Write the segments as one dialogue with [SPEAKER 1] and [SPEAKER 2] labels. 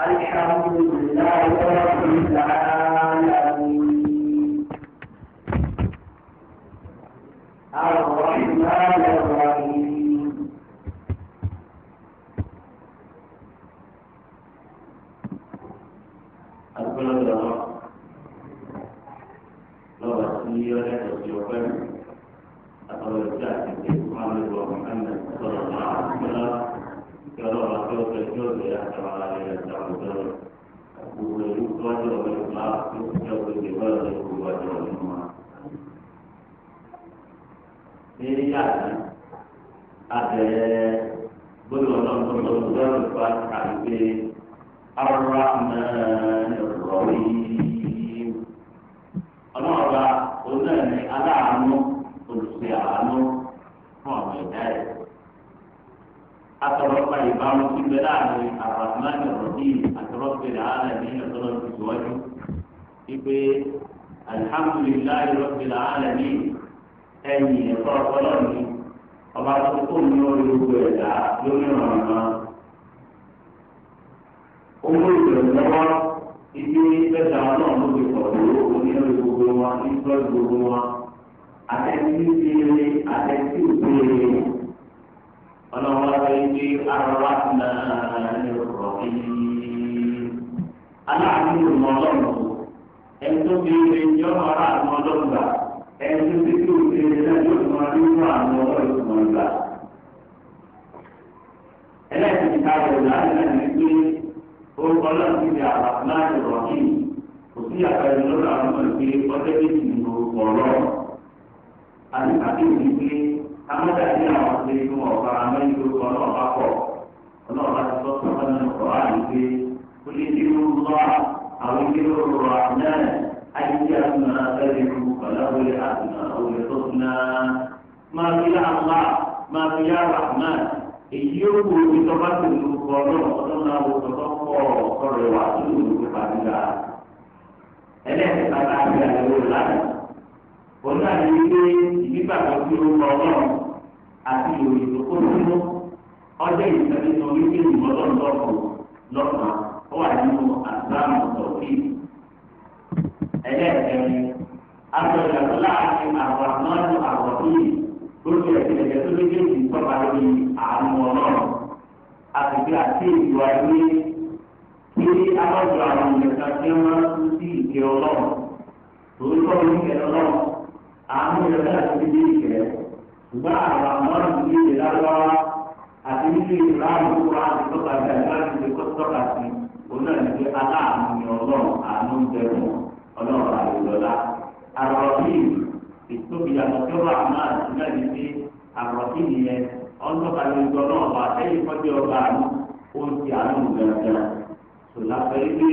[SPEAKER 1] الحمد لله رب العالمين الرحمن الرحيم bí àná àbẹ̀rẹ̀ gbọ́dọ̀ ọlọ́run tó lọ sí ọ̀rọ̀ ìfọ̀ àgbè arahman rahim ọlọ́run ọba òun náà ní aláàánú olùsè àánú fún àwọn ẹ̀dá ẹ̀ atọrọpa ìbámu tí bẹ láàrin arahman rahim atọrọpa ìlànà ní ọlọ́run tó wípé alihamudulilayi rabbil alamin ẹ̀yìn ẹ̀kọ́ ọlọ́run ni ọba tó kó ní orí gbogbo ẹ̀dá lórí ọ̀ràn náà. owó ìbẹ̀rù lọ́wọ́ ibi ẹ̀dá náà ló fi pọ̀ lówó onírúurú gbogbo wọn ní bọ́ọ̀lù gbogbo wọn. àtẹ̀sí ti rí àtẹ̀sí òkú rí ọlọ́wọ́ rẹ̀ ní arọ́wá náà ní ọ̀rọ̀ yìí. aláàánú ìmọ̀ ọlọ́run ẹni tó fi rí ẹjọ́ ọ̀rọ̀ àtúmọ̀ ọlọ́run gbà ẹni tí kò kéré lẹ́yìn ọ̀sán nínú àwọn ọ̀rọ̀ ìtumọ̀ ìgbà. ẹlẹ́sìn ká yọ̀ láàrin náà ní pé orúkọ ọlọ́run ti di àbàkùnmáàtì rọ̀kìn kò sí àpẹẹrẹ lọ́dọ̀ àwọn ọmọ ìpè ọjọ́ méjì ní orúkọ ọlọ́run. àti àbíyèsí ni pé amọ́dà ní àwọn ṣe inú ọ̀pá amẹ́yìn orúkọ ọlọ́run bá pọ̀ ọlọ́run bá ti sọ sọ́kọ́ nínú ọ̀rọ̀ àyíké ó lé ní orúkọ àwọn ilé orúkọ àmì náà àyíké àti màá fẹ́ẹ́ فله الأسماء الحسنى ما في يا الله ما في يا رحمن èyí yóò wo ibi tó bá ti lu kọ lọ́wọ́ ọdún náà wo tó tán kọ ọ̀rọ̀ wa tó lù ú pàdúrà ẹlẹ́ẹ̀kẹta náà fi àyẹ̀wò lánàá òun náà ní wípé ìgbà tó fi lu kọ lọ́wọ́ àti ìròyìn tó kó nínú ọjọ́ ìṣẹ́lẹ̀ tó ní kí ìmọ̀ lọ́nà lọ́kọ̀ lọ́kàn ó wà nínú àgbà mọ̀tọ̀ bíi ẹlẹ́ẹ̀kẹrin àtọ̀yàtọ̀ láàrin àwàmọ́nù àwọ̀bíyì lórí ẹ̀sìnlẹ̀ tó méjèèjì tọ́ba lórí àánú ọlọ́run àtìgbé àti ìwà ilé kí alájọ àwọn ìjọba tí wọ́n ń sí ìké ọlọ́run lórúkọ oníkẹ́ ọlọ́run àánú ìjọba àti ìdílé ìkẹ́ ṣùgbọ́n àwàmọ́nù ní ìlú lágbára àti nínú ìlú àdúgbò àti tọ́ka sí àti láti ṣe kọ́ tọ́ka sí onáà ní pé aláàánú ni ọlọ́run àánú ń lọ́la àròkìn ìtóbi àtọ́jú rahman náà ní pé àròkìn yẹn ọlọ́ba ní ìjọ náà wà lẹ́yìn kọ́jú ọba àánú ó ń ti àánú gbẹ̀rẹ̀gbẹ̀rẹ̀ sọlá pẹ̀lú pé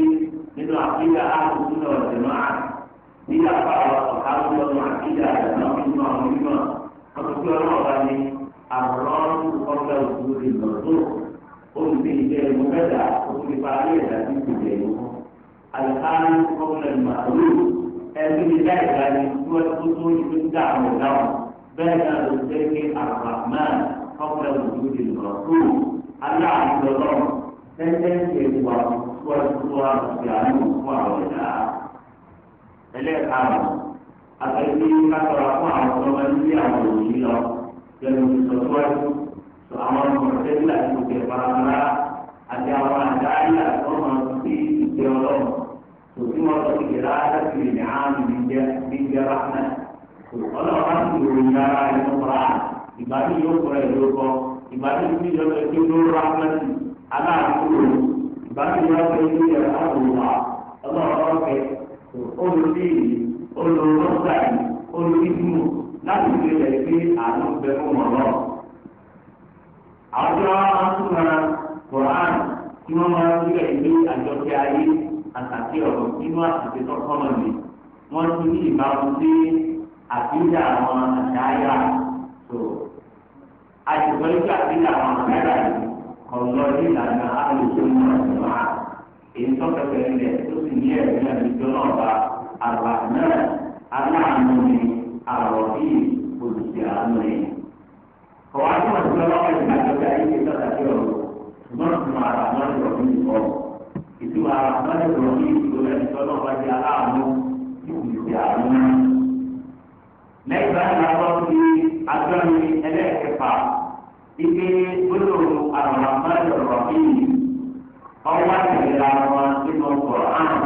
[SPEAKER 1] nínú àfíà àánú nínú ọ̀sẹ̀ náà ní àbá ọ̀ká lójú ọmọ àfíà rẹ̀ náà nínú àwọn onímọ̀ ọ̀tọ́jú ọlọ́ba ní àròkìn ọgbà òkú ẹbí ní láì láì tí wọ́n tó tó ìlú dá àwọn ìdáhùn bẹ́ẹ̀ náà ló jẹ́ pé àràmán kọ́pẹ́ òdúdú di lọ́rọ̀ tó aláàánú lọ́rọ̀ tẹ́tẹ́tì ìwà tuwọ́tuwọ́ àti àánú fún àwọn ìdá. ẹlẹ́ẹ̀karùn àtẹ̀lé kátọ́ra fún àwọn ọmọ ilé àwọn òbí lọ pẹ̀lú ìsọ̀túwájú sọ àwọn ọmọ tẹ́lẹ̀ àti òkè farafara àti àwọn àdáyà tó máa ń fi ọlọ́run وفي مرض إرادة للعام من رحمة وقال رحمة لله على القرآن إبادي يقرأ يقرأ إبادي يقرأ رحمة على القلوب إبادي يقرأ يرحم الله الله ربك قل فيه قل ربك قل اسمه لا تقل فيه أعلم بكم الله أرجع أن تقرأ القرآن كما ما يقول إليه أن تقرأ àtàkì ọ̀rọ̀ nínú àtàkì tọkọ́nà mi wọ́n ti ní ìbámu sí àbíjà àwọn àdáyà tó àtìkọ́ ikú àbíjà àwọn àdáyà yìí ọ̀rọ̀ ní ìlànà àlùkò náà ti wá èyí tọ́kẹ̀kẹ̀ ilẹ̀ tó sì ní ẹ̀rí àbíjọ náà bá àgbà náà aláàánú ni àrọ̀ bíi olùsí àánú ni. kọ̀wá tí wọ́n ti lọ́wọ́ ìgbàlódé ayé ti tọ́ta ọ̀rọ̀ ṣùgbọ́n tí wọ́n ara wọn lọ ìtura àbájá tó ní ìdúró lẹ́yìn tó náà bá jẹ aláàánú ìdí àánú. lẹ́yìn báyìí la wá sí agbẹ́rin ẹlẹ́ẹ̀kẹfà ike gbólóhùn àràmàmáyé ọ̀rọ̀ yìí ọwọ́ àtẹ̀lẹ́ra wọn nínú ọkọ̀ àrùn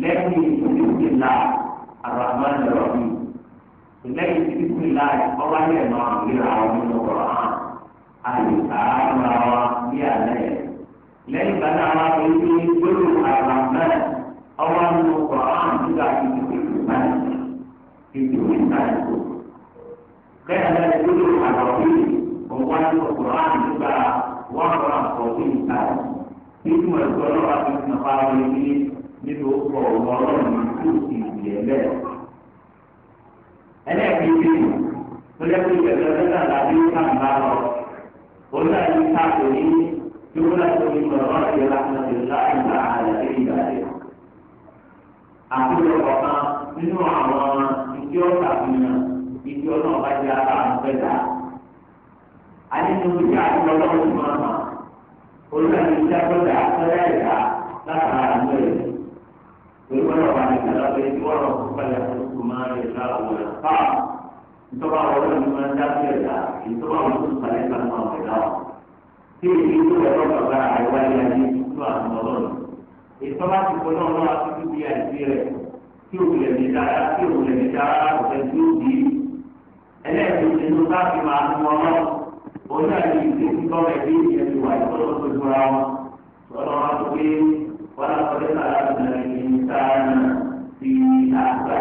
[SPEAKER 1] lẹ́yìn ìdílé àràmàmáyé ọ̀rọ̀ yìí lẹ́yìn tí kò ní láì ọba yẹn àwọn ọmọ ọ̀rọ̀ hàn àyíká ara wa ní alẹ́ lẹ́yìn bá náà wá pé ní gbólóhùn àràmẹ́ ọwọ́ nínú kọ̀ọ̀án nígbà ìdíje ìbáyé ìdíje ìbáyé kò. lẹ́yìn bá ní gbólóhùn àràmẹ́ ọwọ́ nínú kọ̀ọ̀án nígbà wọ́n kọ́ àkọ́kọ́ ìbáyé. nínú ẹ̀kọ́ lọ́wọ́ àti nàfà wọlé ní nínú ọkọ̀ ọlọ́run tó ti yẹ lẹ́. ẹlẹ́ẹ̀kejì tó yẹ kó ìgbẹ̀fẹ́ يولد من براء رحمة الله تعالى في عباده àkójọ kọ̀ọ̀kan nínú àwọn ìdí ọ̀sà fìyàn ìdí ọ̀nà ọ̀bá jẹ́ ara àgbẹ̀dá. Àdínú ìyá àti ọlọ́run ti máa mà. Olùdarí ìjà gbọ́dọ̀ àtọ́lá ìyá látara àgbẹ̀ rẹ̀. Pẹ̀lú ọlọ́ba ní ìdálọ́pẹ́ tí wọ́n rọ̀ fún pẹ̀lẹ́ àtúntò máa ń rẹ̀ láwùjọ rẹ̀ fáà. Ìtọ́ba ọlọ́run máa ń ẹ̀dá, ìtọ́ba tí èyí tó yẹ lọ́wọ́ bàbá àìwá ilé ayé tó àwọn ọlọ́run ètò bá ti kọjá ọlọ́run àtúntò bí àìsí rẹ̀ tí òun lè ní dára tí òun lè ní dára àtúntò tí ó di ẹlẹ́ẹ̀kejì nínú káàkiri máa ń wọ́n lọ òun náà ní ìdí tí bọ́ọ̀lù ẹ̀dí ìyẹn ti wà ìfọ́lọ́ tó dúra wọn ọlọ́run á tó pé wọ́n á kọ́lé sàrà àtúntò ní sáà náà ti àgbà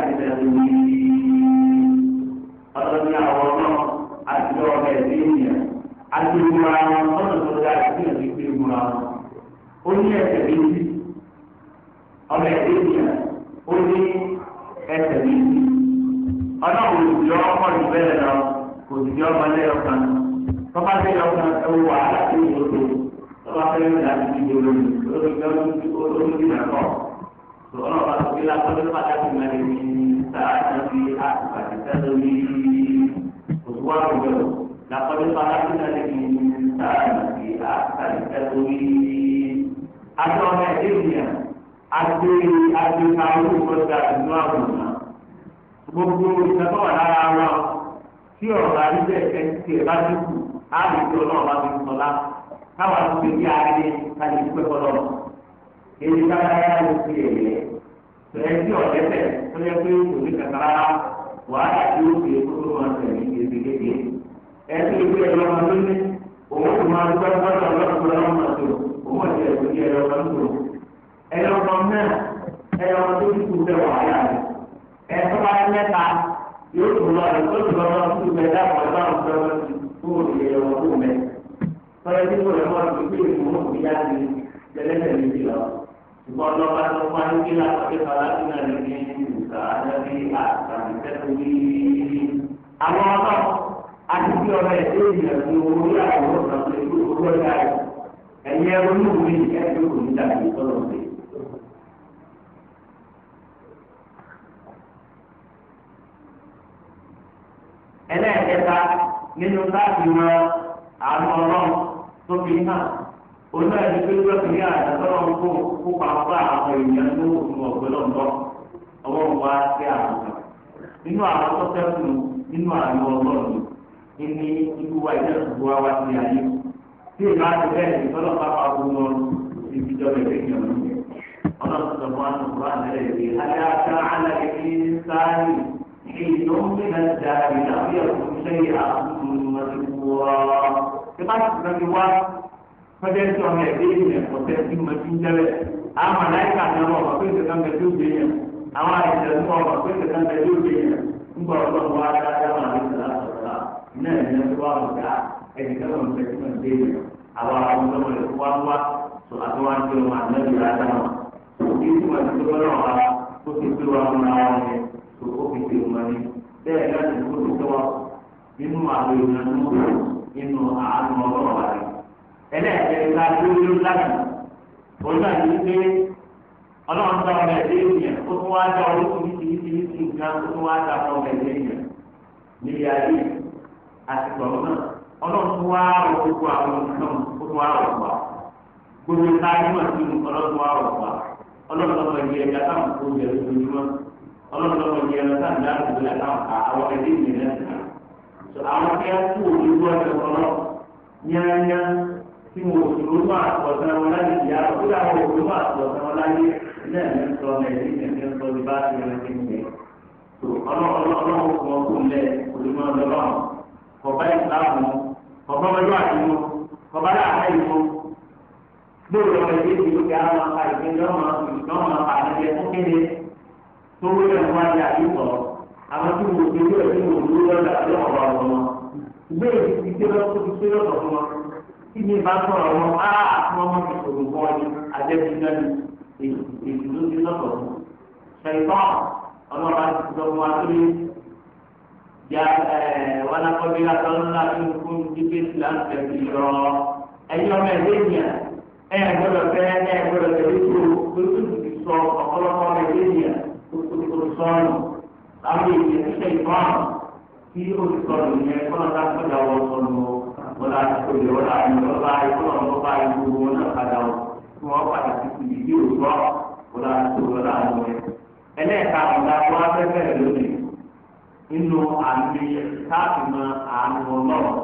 [SPEAKER 1] yọ ọmọ ilé ọkàn tọ́ba tẹ yọ ọkàn ẹwù wàhálà tó yẹ kó tọ́ba tẹ yọ ọkàn ti di olórí olórí olórí nàkọ́ tọ́lọ́ bá tó kílá tó lọ́ba tó ti mẹ́rin ní sáà náà fi àtìpàdé sẹ́lẹ̀ ní òkú wà lọ́wọ́ làkọ́lé bàtà tó mẹ́rin ní sáà náà fi àtìpàdé sẹ́lẹ̀ ní àti ọmọ ẹ̀dẹ́ ìyàn àti àti àwọn olùkọ́ gbogbo ìtẹ́kọ̀ọ́ lára wọn tí ọ̀rọ̀ àríbẹ̀ ẹni tí ẹ bá dínkù á lè fi ọlọ́run bá fi sọlá káwa ló fi yá ayé ká lè pẹ́ fọlọ́run. èyí kára yára ló fi ẹ̀yẹ tẹ̀lé tí ọ̀rẹ́ tẹ̀ tó yẹ pé kò ní kàkà rárá wàhálà tí ó fi èkó tó máa tẹ̀lé ìgbésí kéde. ẹ ti rí ẹ̀rọ ọmọ lónìí òun kò máa gbọ́ gbọ́dọ̀ lọ́dọ̀ lọ́mọ tó òun ọ̀dẹ yóò tún lọ àti tó tún lọ wọn fún mi dáàbò ọba ọ̀sẹ̀ wọn ti kú òye lọ fún mi. Fọlẹ́ tí mo lọ wọn ti pé ìmú òbí yá mi lẹ́lẹ́sẹ̀ mi ti lọ. Ìbọn lọ́ba tó wá ní kí láti pé bàbá náà lè ní ìgbà àdábí àtàlùfẹ́tù ní. Àwọn ọba àti bí ọba ẹ̀dẹ́ ìyẹn ní owó yà wọ́n sọ̀tẹ̀ ní owó yà rẹ̀. Ẹ̀yẹ olúwo ni ẹ̀dẹ́ òní dàbí sọ̀rọ̀ sí. ẹlẹ́ẹ̀kẹta nínú táàbì wọn àánú a tó fi hàn onígbà tí pé gbẹ́kùnrin àdàtọ́rọ̀ ń kó kópa fún àwọn èèyàn tó ń ọ̀gbẹ́ sí nínú àwọn tó tẹ́kùn nínú ní ikú wa wa wá sí ayé tí bẹ́ẹ̀ ní tọ́lọ̀ bá wọn ìyàn èèyàn ń gbé náà da ìlànà bí ẹ̀kọ́ sẹ́yìn àkókò ìmọ̀tòkúwọ́. Ìbá ṣùgbọ́n ti wá fẹ́jẹ́ sí ọmọ ẹ̀dẹ́ ìyẹn ọ̀tẹ́ sí mọ̀tí ń jẹ́lẹ̀. Àwọn àláìka ni ọmọ ọ̀pọ̀ pé ìṣẹ̀kan bẹ̀ tó gbé yẹn. Àwọn àìsàn ní ọmọ ọ̀pọ̀ pé ìṣẹ̀kan bẹ̀ tó gbé Ń gbọ́ ọlọ́run wá dáadáa máa ní ìlànà sọ̀rọ̀ náà ẹ̀yẹn tó wà lọ́dà ẹ̀yìn tó wọ́n fẹ́ sí mọ̀tí ń jẹ́lẹ̀. Àwọn àwọn ọmọ rẹ̀ wá wá sọ àtúwájú ọmọ àná tó o fi tèrò wọn ni bẹ́ẹ̀ láti kó tó tọ́ nínú àwọn èèyàn nínú nínú àánú ọlọ́run wa ni. ẹlẹ́ẹ̀kẹ́rin ká tó ló láti olúwa ti ń gbé ọlọ́run dá ọmọ ẹ̀dẹ́ ènìyàn ó tún wá dá orúkọ yìí nǹkan ó tún wá dá ọmọ ẹ̀dẹ́ ènìyàn ní ilé ayé àsìkò náà ọlọ́run tún wá rọ gbogbo àwọn nǹkan ó tún wá rọ̀ pa gbogbo táyé mọ̀ sí ọlọ́run wá rọ̀ pa ọlọ́run lọ́mọ ẹ̀dẹ́ ẹ̀dá táwọn kò jẹ́ lójoojúmọ́ ọlọ́run lọ́wọ́ ìyẹn lọ sáà ní àdúgbò yà táwọn ká àwọn ẹbí mi rẹ̀ nà. sọ àwọn kí á kú òní wọ ẹ̀ kọ́lọ́ nyányá tí mo òṣèlú máa pọ̀sán wọn láyé ìyá kúrò àwọn òṣèlú máa pọ̀sán wọn láyé ilé ẹ̀mí ń sọ ọmọ ẹ̀mí ẹ̀mí ń sọ ibà ti rẹ̀ ti mú ọlọ́run kò mọ kó lẹ̀ olùmọ̀ lọ́wọ́ kọ̀ọ̀bá ìsìlámù kọ̀ọ̀bá ọlọ́wà ìlú kọ̀ọ̀bá láàárẹ̀ ìlú gbọ́dọ̀ ọmọ ẹ̀dẹ́ ìlú kí á máa ka ìpínlẹ̀ ọmọ ìlú náà máa pa àdéhùn kéde tó wọ́n yẹ wá ní àyíkọ́ àwọn tí mo ti wọ́n ti mo ló lọ́dà lọ́wọ́ àwọn ọmọ ìgbé ìdí tí wọ́n tó ti pé lọ́dọ̀ fún wọn kí ni bá sọ̀rọ̀ wọn á fún ọmọ mi kò lùkọ́ ni àjẹbí náà ni èyí ló ti lọ́dọ̀ fún ṣèyítọ́ ọlọ́ba ti sọ fún wa pé ya wọn akọ́bí akọ́lọ́lá tó ń fún jíjẹ́ síláńtẹ̀ ti yọ ẹ̀yọ́ mẹ́ẹ̀ẹ́dẹ́gbẹ̀ẹ́ ẹ̀ gbọ́dọ̀ fẹ́ ẹ̀ gbọ́dọ̀ tẹ̀lé tó lóṣù ti sọ ọ̀pọ̀lọpọ̀ mẹ́ẹ̀ẹ́dẹ́gbẹ̀ẹ́ sọnù láwọn èdè ẹsẹ ìbọn tí ó ti sọnù yẹn kọlọ tá a padà wọ sọnù wọlá ìkọlẹ wọlá ìkọlọba ìkọlọ ọba ìgbòho wọn náà padà wọ tí wọn padà ti fi ìdí òtọ wọlá ìkọlẹ wọlá ìkọlẹ ẹlẹ́ẹ̀ka ọ̀gá tó wá fẹ́ bẹ̀rẹ̀ lónìí nínú àmì káàkiri àánú ọlọ́run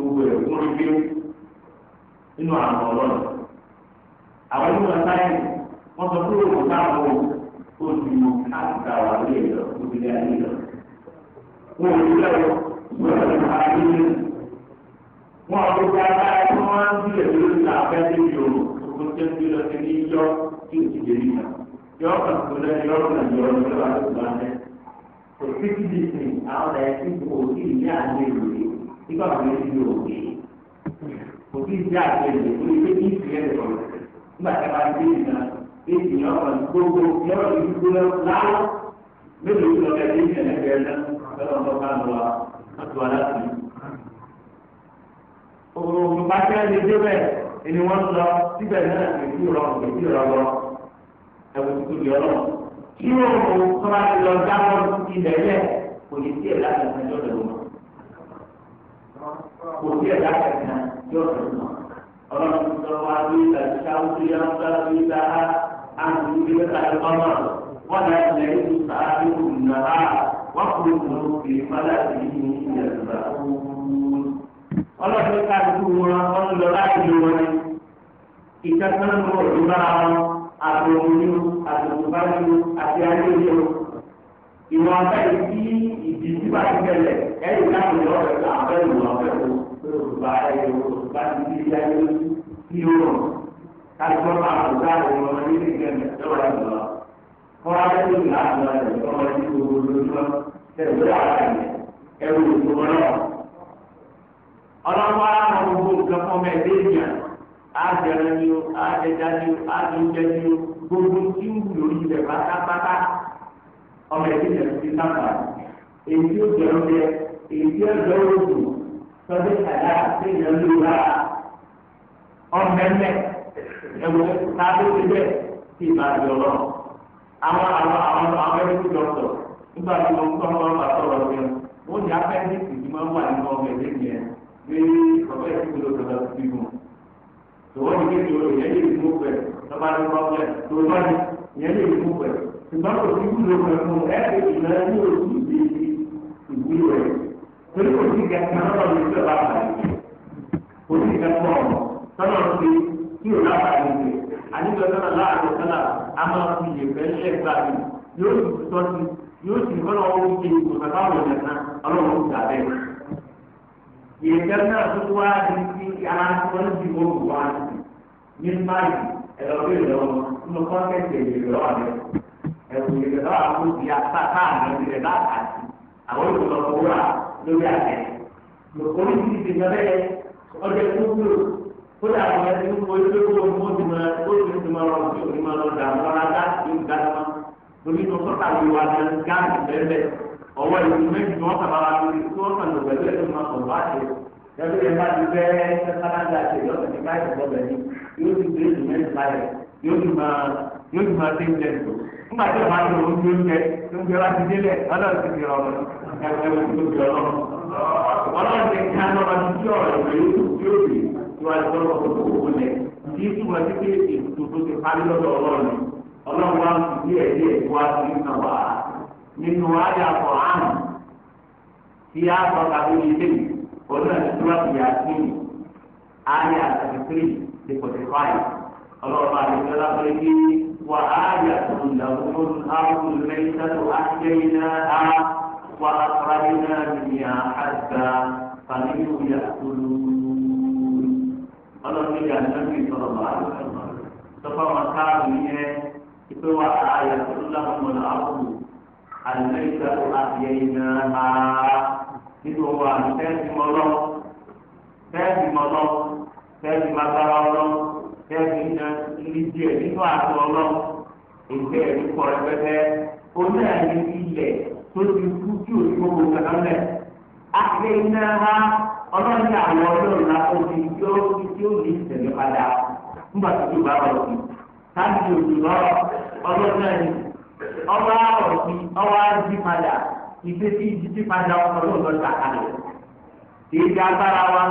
[SPEAKER 1] gbogbo rẹ̀ kún rí bíó nínú àwọn ọlọ́run. àwọn ìlú ọ̀sán yìí wọ́n sọ pé òun táwọn ò ju àtìgbà wà lé lọ níbi ilé ayé lọ. wọn ò lè lọ wọn ò lè fà á lé lé. wọn ò lè gba agbára tí wọ́n ń bí èdè lórí àbẹ́ níbi òru tó ń bí lọ sí ní yọ tí ò ti dé níta. yọ kàn tó lẹ́yìn yọ̀ọ̀kan yọ̀ọ̀kan lọ́wọ́ àti ìgbà mẹ́. kò sí kí ní sìn àwọn ẹ̀sìn kò sí ìyá àlejò nígbà tó ń fi òkè kò sí ìdí àti ẹ̀jẹ̀ tó ṣe kí ìsìn ẹ̀ lọ nígbà tí a bá dé ìgbà dé ìgbà ọ̀rọ̀ gbogbo lọ́rọ̀ yìí gbóná láàrọ̀ mélòó ti lọ bẹ́ẹ̀ dé ìgbà ẹ̀jẹ̀ náà lọ́dọ̀ ọ̀dọ́ bá lọ wa láti wà láti. òòrùn bá tẹ́ lè dé bẹ́ẹ̀ ẹni wọ́n lọ síbẹ̀ náà kì rọ kì rọ lọ ẹ̀wọ̀n tuntun lè ọlọ́ kí òòrùn kọ́ bá ti lọ dáwọ́ ilẹ̀ yẹ kò ní sí ẹ̀ láti ọ̀sán kò sí ẹ̀dá kẹta yóò tó nù. ọlọ́run sọ wá bí ìtàkùsá ojú yá ń bá bí ìta á àti ìgbé mẹ́ta ẹ̀ bá mọ̀ wọ́n náà ń lẹ́yìn tó sá bí kò nà á wọ́n kò lè mú kì padà sí ní ìyàgbá. ọlọ́run ká ìlú wọn wọ́n lọ láì lú wọn ìtẹ́sán ló wọ̀ ní bára wọn àti òmìnir àti òmìnir àti ayélujára ìwọ̀n abẹ́rẹ́ tí ìdí tí bá ti bẹ̀rẹ̀ ẹ̀yìn láti lọ́ọ̀rẹ́ bá ayé o bá ti di ìyá yóò tí ó rọ kájọ máa kó dáàbò wọn ní ìgbẹ́ mẹ́tọ́ rẹ̀ lọ. kọ́ ayé tó yà á lọ rẹ̀ ọmọ ẹni gbogbo lójúmọ́ ẹ̀rọ ara rẹ̀ ẹ̀rọ ìgbòho náà. ọlọ́wọ́ ara wọn gbogbo nǹkan fún ọmọ ẹ̀dẹ́ ènìyàn àjẹrẹ ni o àjẹjà ni o àjẹjẹ ni o gbogbo tí ń wù lórí ilẹ̀ pátápátá ọmọ ẹ̀dẹ́ ènìyàn ti sábà èyí ó jẹun jẹ èyí ó jẹ oògùn sọdí kàdá kéèyàn lóra ọmọẹmẹ ẹwọ tábí síbẹ̀ tí ì máa yọ lọ àwọn àwọn àwọn àwọn ẹbí dọkítọ nígbà tí wọn kọ́ ọ́n bá sọ̀rọ̀ sí wọn ó ní apẹ́ndìkì tí wọ́n wà nínú ọmọ ẹ̀dẹ́ yẹn bí ọ̀pẹ́ ìsìnkú ló sọ̀rọ̀ sí wọn. tòwọ́n ní kékeré o yẹn lè mú pẹ̀ lọ́ba ní pọ́blẹ̀ tòwọ́n ní yẹn lè mú pẹ̀ ṣùgbọ́n kò sí wúlò torí kò sí gẹ̀ẹ́sì náà lọ́wọ́ ní ìjọba àbáyé kò sí gẹ̀ẹ́sì ọ̀rọ̀ sọ́nà ti kí o lábàáyé rẹ̀ àníjọ sọ́nà láàrin sọ́nà a máa fi ìyẹ̀fẹ́ ṣẹ́gbà mi yóò sì tọ́ sí yóò sì kọ́nà owó ṣe ìgbòsàkà àwọn èèyàn náà ọlọ́run ti àbẹ́ ìyẹ̀fẹ́ náà tó wá di sí ara tí wọ́n ti wọ́n wù wá ní báyìí ẹ̀rọ bí ìlọ́wọ́ nínú kọ́ńtẹ́ǹtì ìlọ́wọ́ rẹ̀ ẹ̀rù lórí àgbẹ̀. Lòkòrí ti ti gbẹ bẹ́ẹ̀ ọjọ́ tó ń lò ó dà wọ́n ẹni tó ń bọ ilé owó ni wọ́n ti máa ó ti ti máa rọrùn tí òní máa lọ dà wọ́n rárá láti ń dáná wọn. Lórí inú sọ́tà ló wà ní gáàsì bẹ́ẹ̀ ọwọ́ ìlú méjì ni wọ́n kà máa lórí tí wọ́n kàn lò pẹ̀lú ẹ̀dùn máa sọ̀rọ̀ àṣẹ. Ẹgbẹ́ yẹn bá ti fẹ́ kánáda àṣẹ yóò ti máa tẹ́lẹ̀ jẹ́ ìgbò nígbà tí wọ́n á lọ oúnjẹ oúnjẹ oúnjẹ wa ti délẹ̀ ọlọ́run ti fi ọ̀rọ̀ ẹ̀wọ̀n tó fi ọ̀rọ̀ ọlọ́run ti ká lọ́wọ́ ti fi ọ̀rọ̀ ìwé yóò fi tí wọ́n á lọ lọ́wọ́ tó kó lẹ̀ kí túmọ̀ sí pé ètò tó ti parí lọ́dọ̀ ọlọ́run ọlọ́run wa ti díẹ̀ díẹ̀ wá sí iná wá nínú ayé àpọ̀ àrùn tí a sọ tàbí ilé ọlọ́run ti وآية لهم الأرض الميتة أحييناها وأخرجنا منها حتى فمنهم يأكلون قالوا لي النبي صلى الله عليه وسلم فما كانوا هو آية لهم الأرض الميتة أحييناها nínú owó àti fẹ́ẹ́ ti mọ lọ fẹ́ẹ́ tẹ́ẹ̀mí iná ilé díẹ̀ nínú àtọ̀ ọlọ́run ètò ẹ̀rí kọ̀ rẹpẹtẹ oní àyè ilẹ̀ tó ti kú tí o ti gbogbo kankan lẹ̀ àlẹ́ iná ha ọlọ́run ní àwọn ọlọ́run náà ó ti tí ó ti tí ó lè tẹ̀lé padà nígbà tó ti bá wọn sí káàdì òjò lọ ọlọ́run náà ni ọwọ́ ọ̀sìn ọwọ́ àjí padà ìfẹ́sí ìdíjí padà ọlọ́run lọ́ta kalẹ̀ èyí agbára wa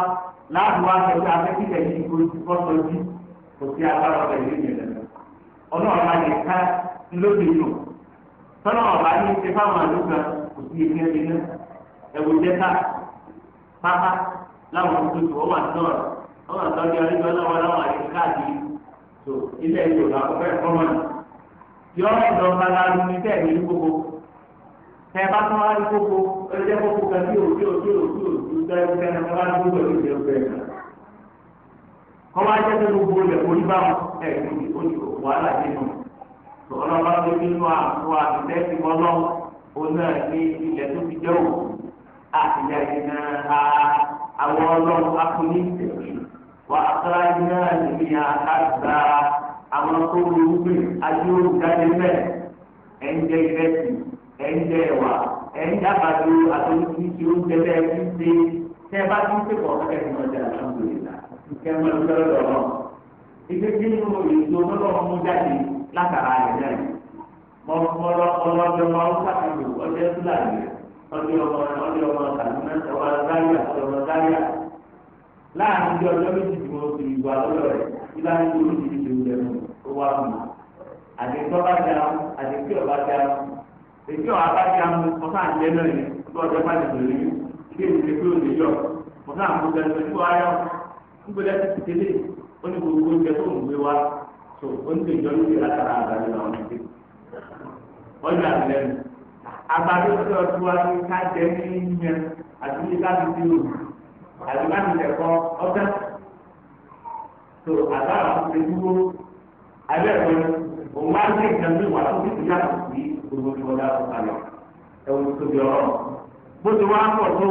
[SPEAKER 1] láàbùwá kẹ̀kẹ́ afẹ́kíkẹ́ yìí kò tó sọ kò sí agbára pẹ̀lú ìyẹn lẹ́nu ọlọ́run bá lè ká lóde nù tọ́lá ọ̀bá ní ti fáwọn àdúgbò kò sí èmi ẹni náà ẹ̀wò jẹ́ta pápá láwọn tuntun ọmọ àtọ́rọ̀ ọmọ àtọ́jú ọdún ọlọ́wọ́ láwọn àyè káàdì tó ilé ìlú àkọ́kọ́ ẹ̀kọ́ mọ́ni yọ ìdọ̀ba lanu ní bẹ́ẹ̀ ní gbogbo tẹ bá tán wá ní gbogbo ẹ̀jẹ̀ gbogbo kan tí òjò òjò òjò òjò kọ́wá jẹ́ pé gbogbo rẹ̀ orí bá wọn ẹ̀ lórí orí wàhálà nínú ọlọ́wọ́ tó nínú àwọn àtẹ̀tẹ̀ ọlọ́ oná ní ilẹ̀ tó fi jẹ́ òkú àtìlẹ̀ iná àwọn ọlọ́run akọni tẹ̀lé wà ákàrà iná níbi àkàtà àwọn tó wọlé wípé ayé olùdarí mẹ́ẹ̀ ẹ̀ ń jẹ ìrẹsì ẹ̀ ń jẹ ẹ̀wà ẹ̀ ń dábàá ju àtọ́jú tí ó ń jẹ bẹ́ẹ̀ fi ṣe tẹ́ bá tún pè pọ̀ kẹ́kẹ́ ní ọjà àtúntò yìí kẹ́mọ́ ẹ̀kọ́ lọ́dọ̀ náà ìgbé kí nínú èso lọ́dọ̀ mú jáde látara rẹ̀ náà mọ́lọ́ ọlọ́dọ̀ máa ń sàkóso ọdẹ fúlàní ọdẹ ọmọ ọdẹ ọmọ kàdúnà ọmọ dáríà ọmọ dáríà láàrin bí ọjọ́ méjì tí mo fi ìwà lọ́dọ̀ rẹ̀ ìlà ń gbòòrò ti di ìlú ẹ̀mú tó wà mí àdìsọ́ bá jà mú àdìsí ọ̀bá jà mú èyí ọ̀bá bá jà mú ọ̀sán àjẹ́ náà yẹn ọjọ́ ọjọ́ bá ti yìí ilé ìdílé pé òde yọ ọ̀sán àmúgbẹ́sẹ̀ tó ayọ̀ nígbàdá ti ti tẹ́lẹ̀ ó ní gbogbo oúnjẹ tó ń gbé wá tó ó ń tẹjọ lórí látara àgbàdo làwọn ti tẹ ọjọ́ àtìlẹ́yìn àgbàdo tí ọtí wa ní ká jẹ ní yíyan àti ní ká fi ti rò àti ká fi tẹkọ ọjà tó àgbàdo ti tẹ dúró abẹ́ ẹ̀kọ́ ni òun máa ń tẹ ìjọba ìwà tó ti tìyà sí gbogbo ìwọlá tó kalẹ̀ ẹ̀wọ̀n tó ti ọ̀rọ̀ bó ti wá ń pọ̀ tó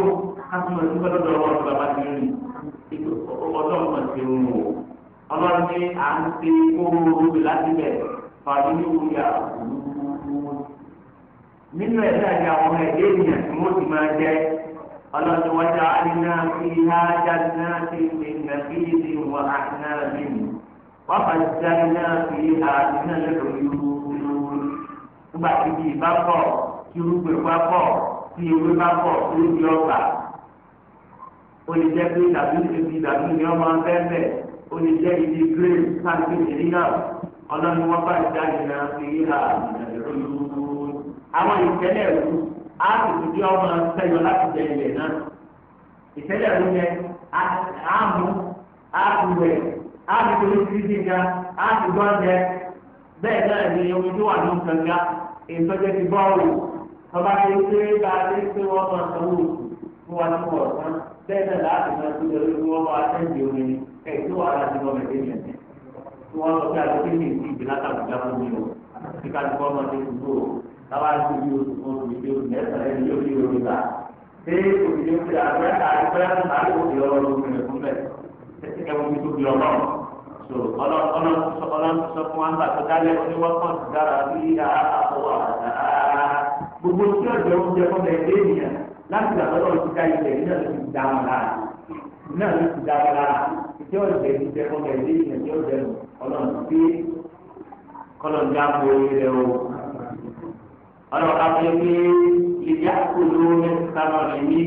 [SPEAKER 1] kásìmọ̀ ìdúgbò lọ́dọ̀ ọ̀rọ̀ ọ̀rọ̀ bàbá ti rí ọlọ́run ti ń wò ọlọ́run ní à ń ṣe kóró orí láti bẹ̀ fàdí ní orí àwòrán nínú ẹ̀ náà ni àwọn ẹ̀dẹ́ ènìyàn tí wọ́n ti máa jẹ́ ọlọ́run wọ́n já iná sí iná jáde náà sí ìgbà bí ìdí wọn àti náà bí mi wọ́n fà já iná sí iná iná lọ́dọ̀ yúrúwúrú nígbà tí bíi bá pọ̀ tí irúgbìn bá pọ̀ tí ewé bá pọ̀ tí ó ọgbà ó lè jẹ́ pé dàbí ibi dàbí ni wọ́n máa ń fẹ́ bẹ̀ ó lè jẹ́ ibi grave káàkiri ìdíyà ọlọ́run wọn bá ìdá ìdá ìdíyà ìdàlúrú àwọn ìtẹ́lẹ̀ ẹ̀rú á sì tún bí ọmọ sẹ́yọ láti jẹ ilẹ̀ náà ìtẹ́lẹ̀ ẹ̀rú yẹn á mú á fi wẹ̀ á fi torí sí gíga á fi gbọ́n jẹ bẹ́ẹ̀ náà ni omi tó wà ní kànga ìtọ́jẹ́ ti bọ́ọ̀lù ọba tó bá a lè gbé wọn máa sanwó bẹ́ẹ̀ náà láti máa tó lórí kí wọ́n bá tẹ́ǹdì omi ẹ̀ tí wọ́n ara ti lọ́mọ ẹ̀dẹ́ yẹn tí wọ́n lọ sí àdókè ní ìdí ìdílé àtàkùnjà fún mi o kí ká ti kọ́ ọmọ tó kú o táwa ti di oṣù kan oṣù tí oṣù mẹ́sàn-án ẹni yóò di omi ta ṣé oṣù tí ó ti àgbẹ̀ àgbẹ̀ àgbẹ̀ àti ọ̀rọ̀ ló rẹ̀ fún bẹ̀ ẹ wọ́n fi tó fi ọmọ so ọlọ́run sọ fún wa ń gbà tó dálé oníwọ́pọ̀ dára bí i àkọ́wà gbogbo tí ọ̀jọ̀ oúnjẹ fún bẹ́ẹ̀ láti gbà lọ́wọ́ ti ká ilẹ̀ náà ló ti dá wọn lára náà ló ti dá wọn lára ìṣe ọ̀dẹ̀ ti tẹ ọmọ ẹ̀dẹ́ ìṣẹ̀ tí ó dẹnu ọlọ́run tí kọlọ́ọ̀dì àpò rẹ̀ o. ọlọ́run àpò pé ìyá kò ló ń sábà rẹ̀ ní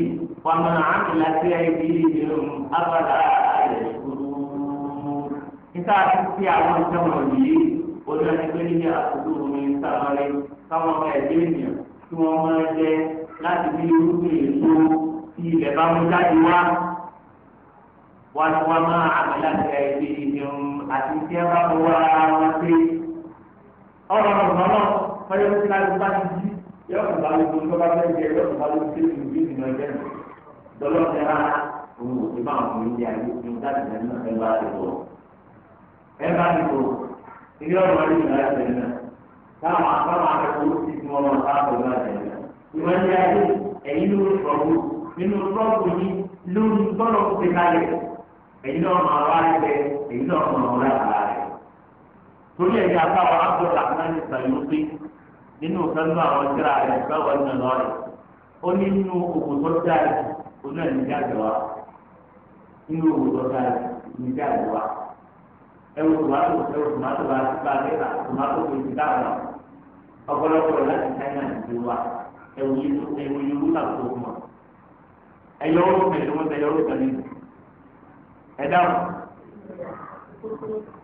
[SPEAKER 1] wọn máa ń àmì láti ẹbí ìdílùm abala ayẹ̀ ṣòro. níta ti fi àwọn ìjọba yìí olùdarí pé níbi àkókò mi sábà rẹ̀ láti fi irúgbìn èso tí ilẹ̀ bá mú jáde wá wá ní wá máa àmàlà ẹ̀ ẹ̀ ìdìyàn àti tí ẹ bá mú wá wọn pé ọ̀rọ̀ ọ̀rọ̀ náà fẹ́rẹ́ fún káyọ̀ bá ti jí yọ̀ọ̀kùn bá lóko tó bá fẹ́ jẹ yọ̀ọ̀kùn bá lóko tó ti gbé ìgbìmọ̀ ẹgbẹ́ mi dọ́lọ́ fẹ́ rárá òun ò ti bá àwọn ọmọ ìdí ayé ní láti lẹ́nu ẹ bá ti bọ̀ ẹ bá ti bọ̀ ilé ọ̀rọ̀ rí ìlú láti lẹ́nu táwọn àtàwọn ìwọ́n ní ayé ẹ̀yin ló ń rọ̀wọ́ nínú rọ́ọ̀bù yìí lórí bọ́lọ̀ ti kalẹ̀ ẹ̀yin náà máa wá rẹ̀ ẹ̀yin náà máa wọ́n lára rẹ̀. torí ẹ̀yin àbáwọ̀ abdul rahman sàyó pé nínú kánú àwọn jẹ́ra rẹ̀ báwọn ní ọ̀nà ó ní inú òkú tó dáa oná ìjà àjọwà inú òkú tó dáa ìjà àjọwà ẹwù tòmátò ẹwù tòmátò bá ti bá a ti bá a ti bá a tó ẹ̀wù yorù làkó mọ̀ ẹ̀yọ ọ̀rọ̀ mẹ́tọ́ mọ́tò ẹ̀yọ ọ̀rọ̀ kan ẹ̀dá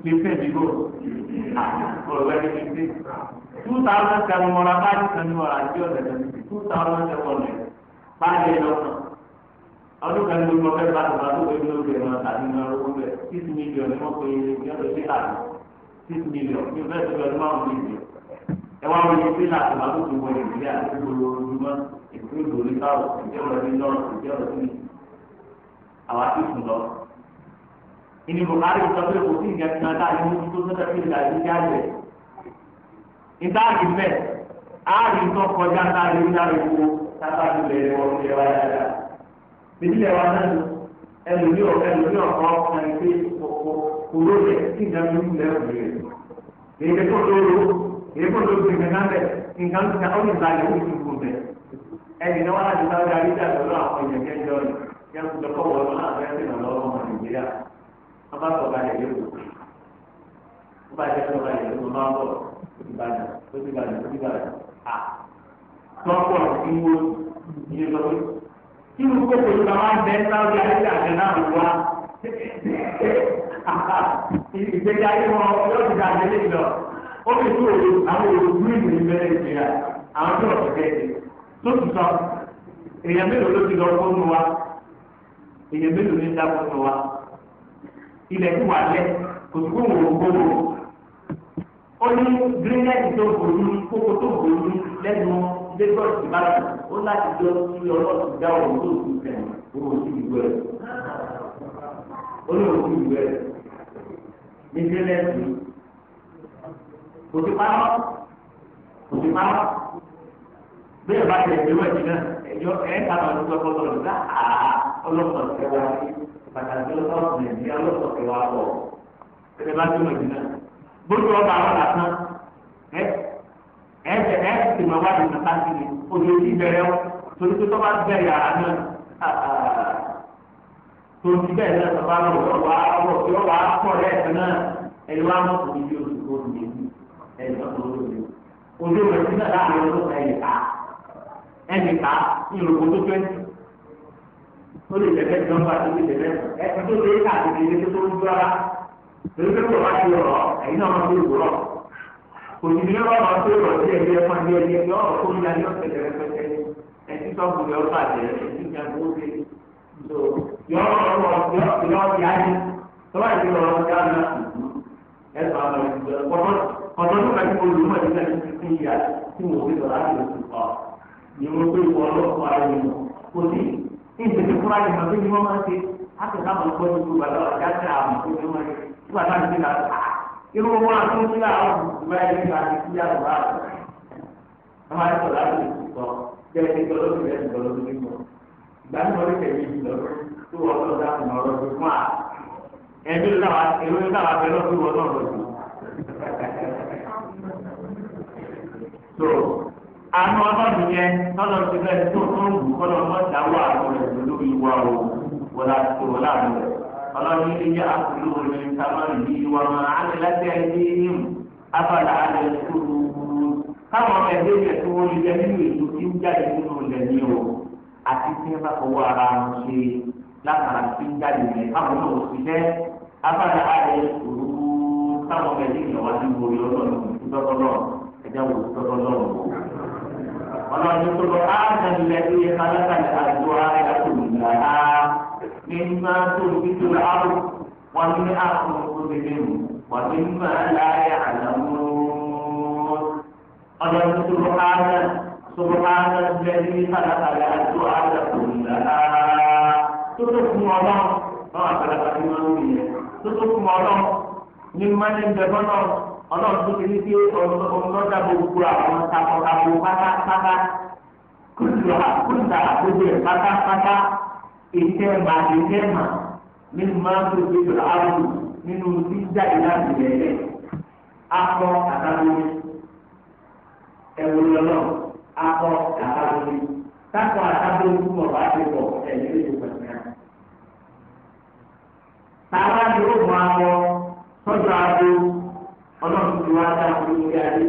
[SPEAKER 1] mi fẹ́ mi bọ̀ ọ̀rọ̀ wẹ́ mi fi two thousand seven mọ̀ra báyìí kan ní ọ̀rọ̀ àti ọ̀sẹ̀ kan two thousand seven mọ̀ra báyìí lọ́kàn ọdún kan ní ọgbọ́n fẹ́ẹ́ bá tó bá tó wọ́n ní oge náà tàbí ní ọ̀rọ̀ owó ni ẹ wá wọ́n ti pín àti màá tó ti wọ ìgbé àti olóòjúmọ́ ìpín ìdòrí táwọ̀ ìjẹ́ ọ̀rọ̀ ní lọ́rùn ìjẹ́ ọ̀rọ̀ sí àwa ti sùn lọ. ìní bùkárí sọ pé kò sí ìgbẹ́ kan tá a ní mú tó sọ́dọ̀ sí ìlà yìí jáde. ìta àti bẹ́ẹ̀ àárín tó kọjá tá a lè ń dáre kó tábà ti bẹ̀rẹ̀ wọ ilé wa yára. ìdílé wa náà ẹlòmí ọ̀kọ́ ẹlòmí ọ̀kọ́ ẹni pé kòkòrò rẹ̀ kí ìdájọ́ ìlú rẹ̀ èébò ló gbé nǹkan bẹ nǹkan ti ta ó ní ìbàlẹ̀ ó ti kú bẹ ẹnì náà wà láti bá ọjà rí dàgbà lọ àwọn èèyàn kẹjọ rẹ yẹn kó lọ kọwọ lọ láti ẹsẹ ìrànlọ́wọ́ ọmọ nàìjíríà wọn bá sọgbà yẹ yóò wọn bá jẹ sọgbà yẹ yóò máa bọ ìbàdàn ó ti bàdàn ó ti bàdàn à tọpọ ìwọ ìyẹ lọ́wọ́ kí ló kó kó ìgbà máa bẹ sáwọn wá ìgbésí ayé wọn yóò ti dàgbà lé lọ. ó fi kúrò àwọn olùkú ìlú ìbẹ̀rẹ̀ ìgbéra àwọn tó lọ sí ẹ̀jẹ̀ tó ti sọ èèyàn mélòó ló ti lọ fún wa èèyàn mélòó ló fún wa ilẹ̀ tí wà lẹ̀ kò sí kóhùn òkòwò ó ní gírínẹ́ẹ̀tì tó gbòòrú kókó tó lẹ́nu ó láti jọ sí dá tó sí ìlú ẹ̀ ó ní ìlú ẹ̀ kò sí pamọ́ kò sí pamọ́ bẹ́ẹ̀ bá tẹ̀ ẹ̀jẹ̀ wẹ̀jì náà ẹ̀jọ́ ẹ̀ka náà ló gbọ́ bọ́ọ̀lù nígbà àá ọlọ́pàá ti wá sí pàtàkì ọlọ́pàá nàìjíríà ọlọ́pàá ti wá bọ̀ ẹ̀jẹ̀ bá tẹ̀ wẹ̀jì náà gbójú ọba àwọn làtàn ẹ̀ ẹ̀jẹ̀ ẹ̀ ti máa wá nínú pàṣẹ ni ojú ti bẹ̀rẹ̀ wọn torí pé tọ́ba bẹ̀ yàrá náà tó ti bẹ̀rẹ̀ náà tọ́ba lọ́wọ́ wá ọ̀rọ̀ tí ó wà á pọ̀ lẹ́ẹ̀kan náà ẹ̀yọ́ wá mọ̀ ẹnì kan tó lóde ojú rẹ̀ sí náà láàrin ọdún ẹnì ká ẹnì ká ìlòkó tó fẹ́ ó lè jẹ́ bẹ́ẹ̀ jọba tó lè jẹ́ bẹ́ẹ̀ ẹ̀sìn tó lè ká àti ìdílé tó ń gbára torí pé kò bá ti rọ̀ ẹ̀yin náà máa ń lò rọ̀ kò sì ní ọ̀rọ̀ máa tó rọ̀ sí ẹ̀mí ẹ̀fọ́ ní ẹ̀mí ẹ̀mí ọ̀rọ̀ tó ń yarí ọ̀sẹ̀ rẹpẹtẹ ẹ̀sìn tó kù yọ bàjẹ́ ẹ̀sìn tó kù yọ yọ yọ yọ yá ọ̀dọ́ tó kàdé olú mọ̀ nígbà tó ti ìyá tí mo fi lọ́la ti lọ́sùn kọ́ ni mo pé ìwọ ọlọ́pàá ayé mi kò sí ìṣèlú fúnra ni màá fi ni wọ́n máa ń ṣe láti sábà gbọ́ ní gbogbo àlọ́ àjá sí àwọn tó ní wọ́n nígbà náà ti là irú wọn a tún sí àwọn ìgbà yẹn ní àti sí àwọn bá a máa ń sọ láti lọ́sùn kọ́ jẹ́ ti tó àánú ọlọ́run yẹn lọ́dọ̀ ti bẹ́ẹ̀ tó tó ń wù kọ́lọ́ mọ́ta wà lórí lórí wa o wọlá tó wọlá rẹ̀ ọlọ́run yìí yá àkùrú omi sábàrì yìí wà máa á lè láti ẹni yìí abala alẹ́ kúrú káwọn ọmọ ẹgbẹ́ yẹn tó wọ́n lè nínú ètò tí ń jáde nínú ilẹ̀ ní o àti tí wọ́n bá fọwọ́ ara wọn ṣe látara tí ń jáde rẹ̀ káwọn náà ò fi jẹ́ abala alẹ́ kúrú káwọn ọmọ ẹgbẹ́ yẹn wá sí orí ọlọ́run ìtọ́tọ́ náà ẹ̀jẹ̀ wò tọ́lọ́ lọ́rùn o. ọlọ́run tó lọ áàdà ilẹ̀ tó yẹ kálákà ní àjọ ara tó nìyà á ní máa tó ní tó lọ áàrù wọn ní àkùn òṣèlú wọn ní máa láyà àlàmú. ọlọ́run tó lọ áàdà tó lọ áàdà ilẹ̀ tó yẹ kálákà ní àjọ ara tó nìyà á tó tó fún ọlọ́run náà àgbàlagbà ní wọn ń wù yẹn tó tó fún ọlọ́run ní mọ́ni bẹ̀rẹ̀ náà ọlọ́run tó ti ní pé ọlọ́dà gbogbo àwọn takọtabo pátápátá kúndùrà kúndà gbogbo ẹ̀ pátápátá ìtẹ́ mà ìtẹ́ mà nínú máa ń tó ti dùn áwùjọ nínú dídá ìlànà ìrẹ̀lẹ̀ akọ àtàlóyè ẹ̀wọ̀n lọ́lọ́ akọ àtàlóyè takọ àtàlóyè kúmọ̀ bá ti pọ̀ ẹ̀yẹ́ lè pẹ̀lú ẹ̀. tààrà ni ó mọ àwọn sọ́jọ́ àgbo ọlọ́run ti wá dá àwọn olórí adé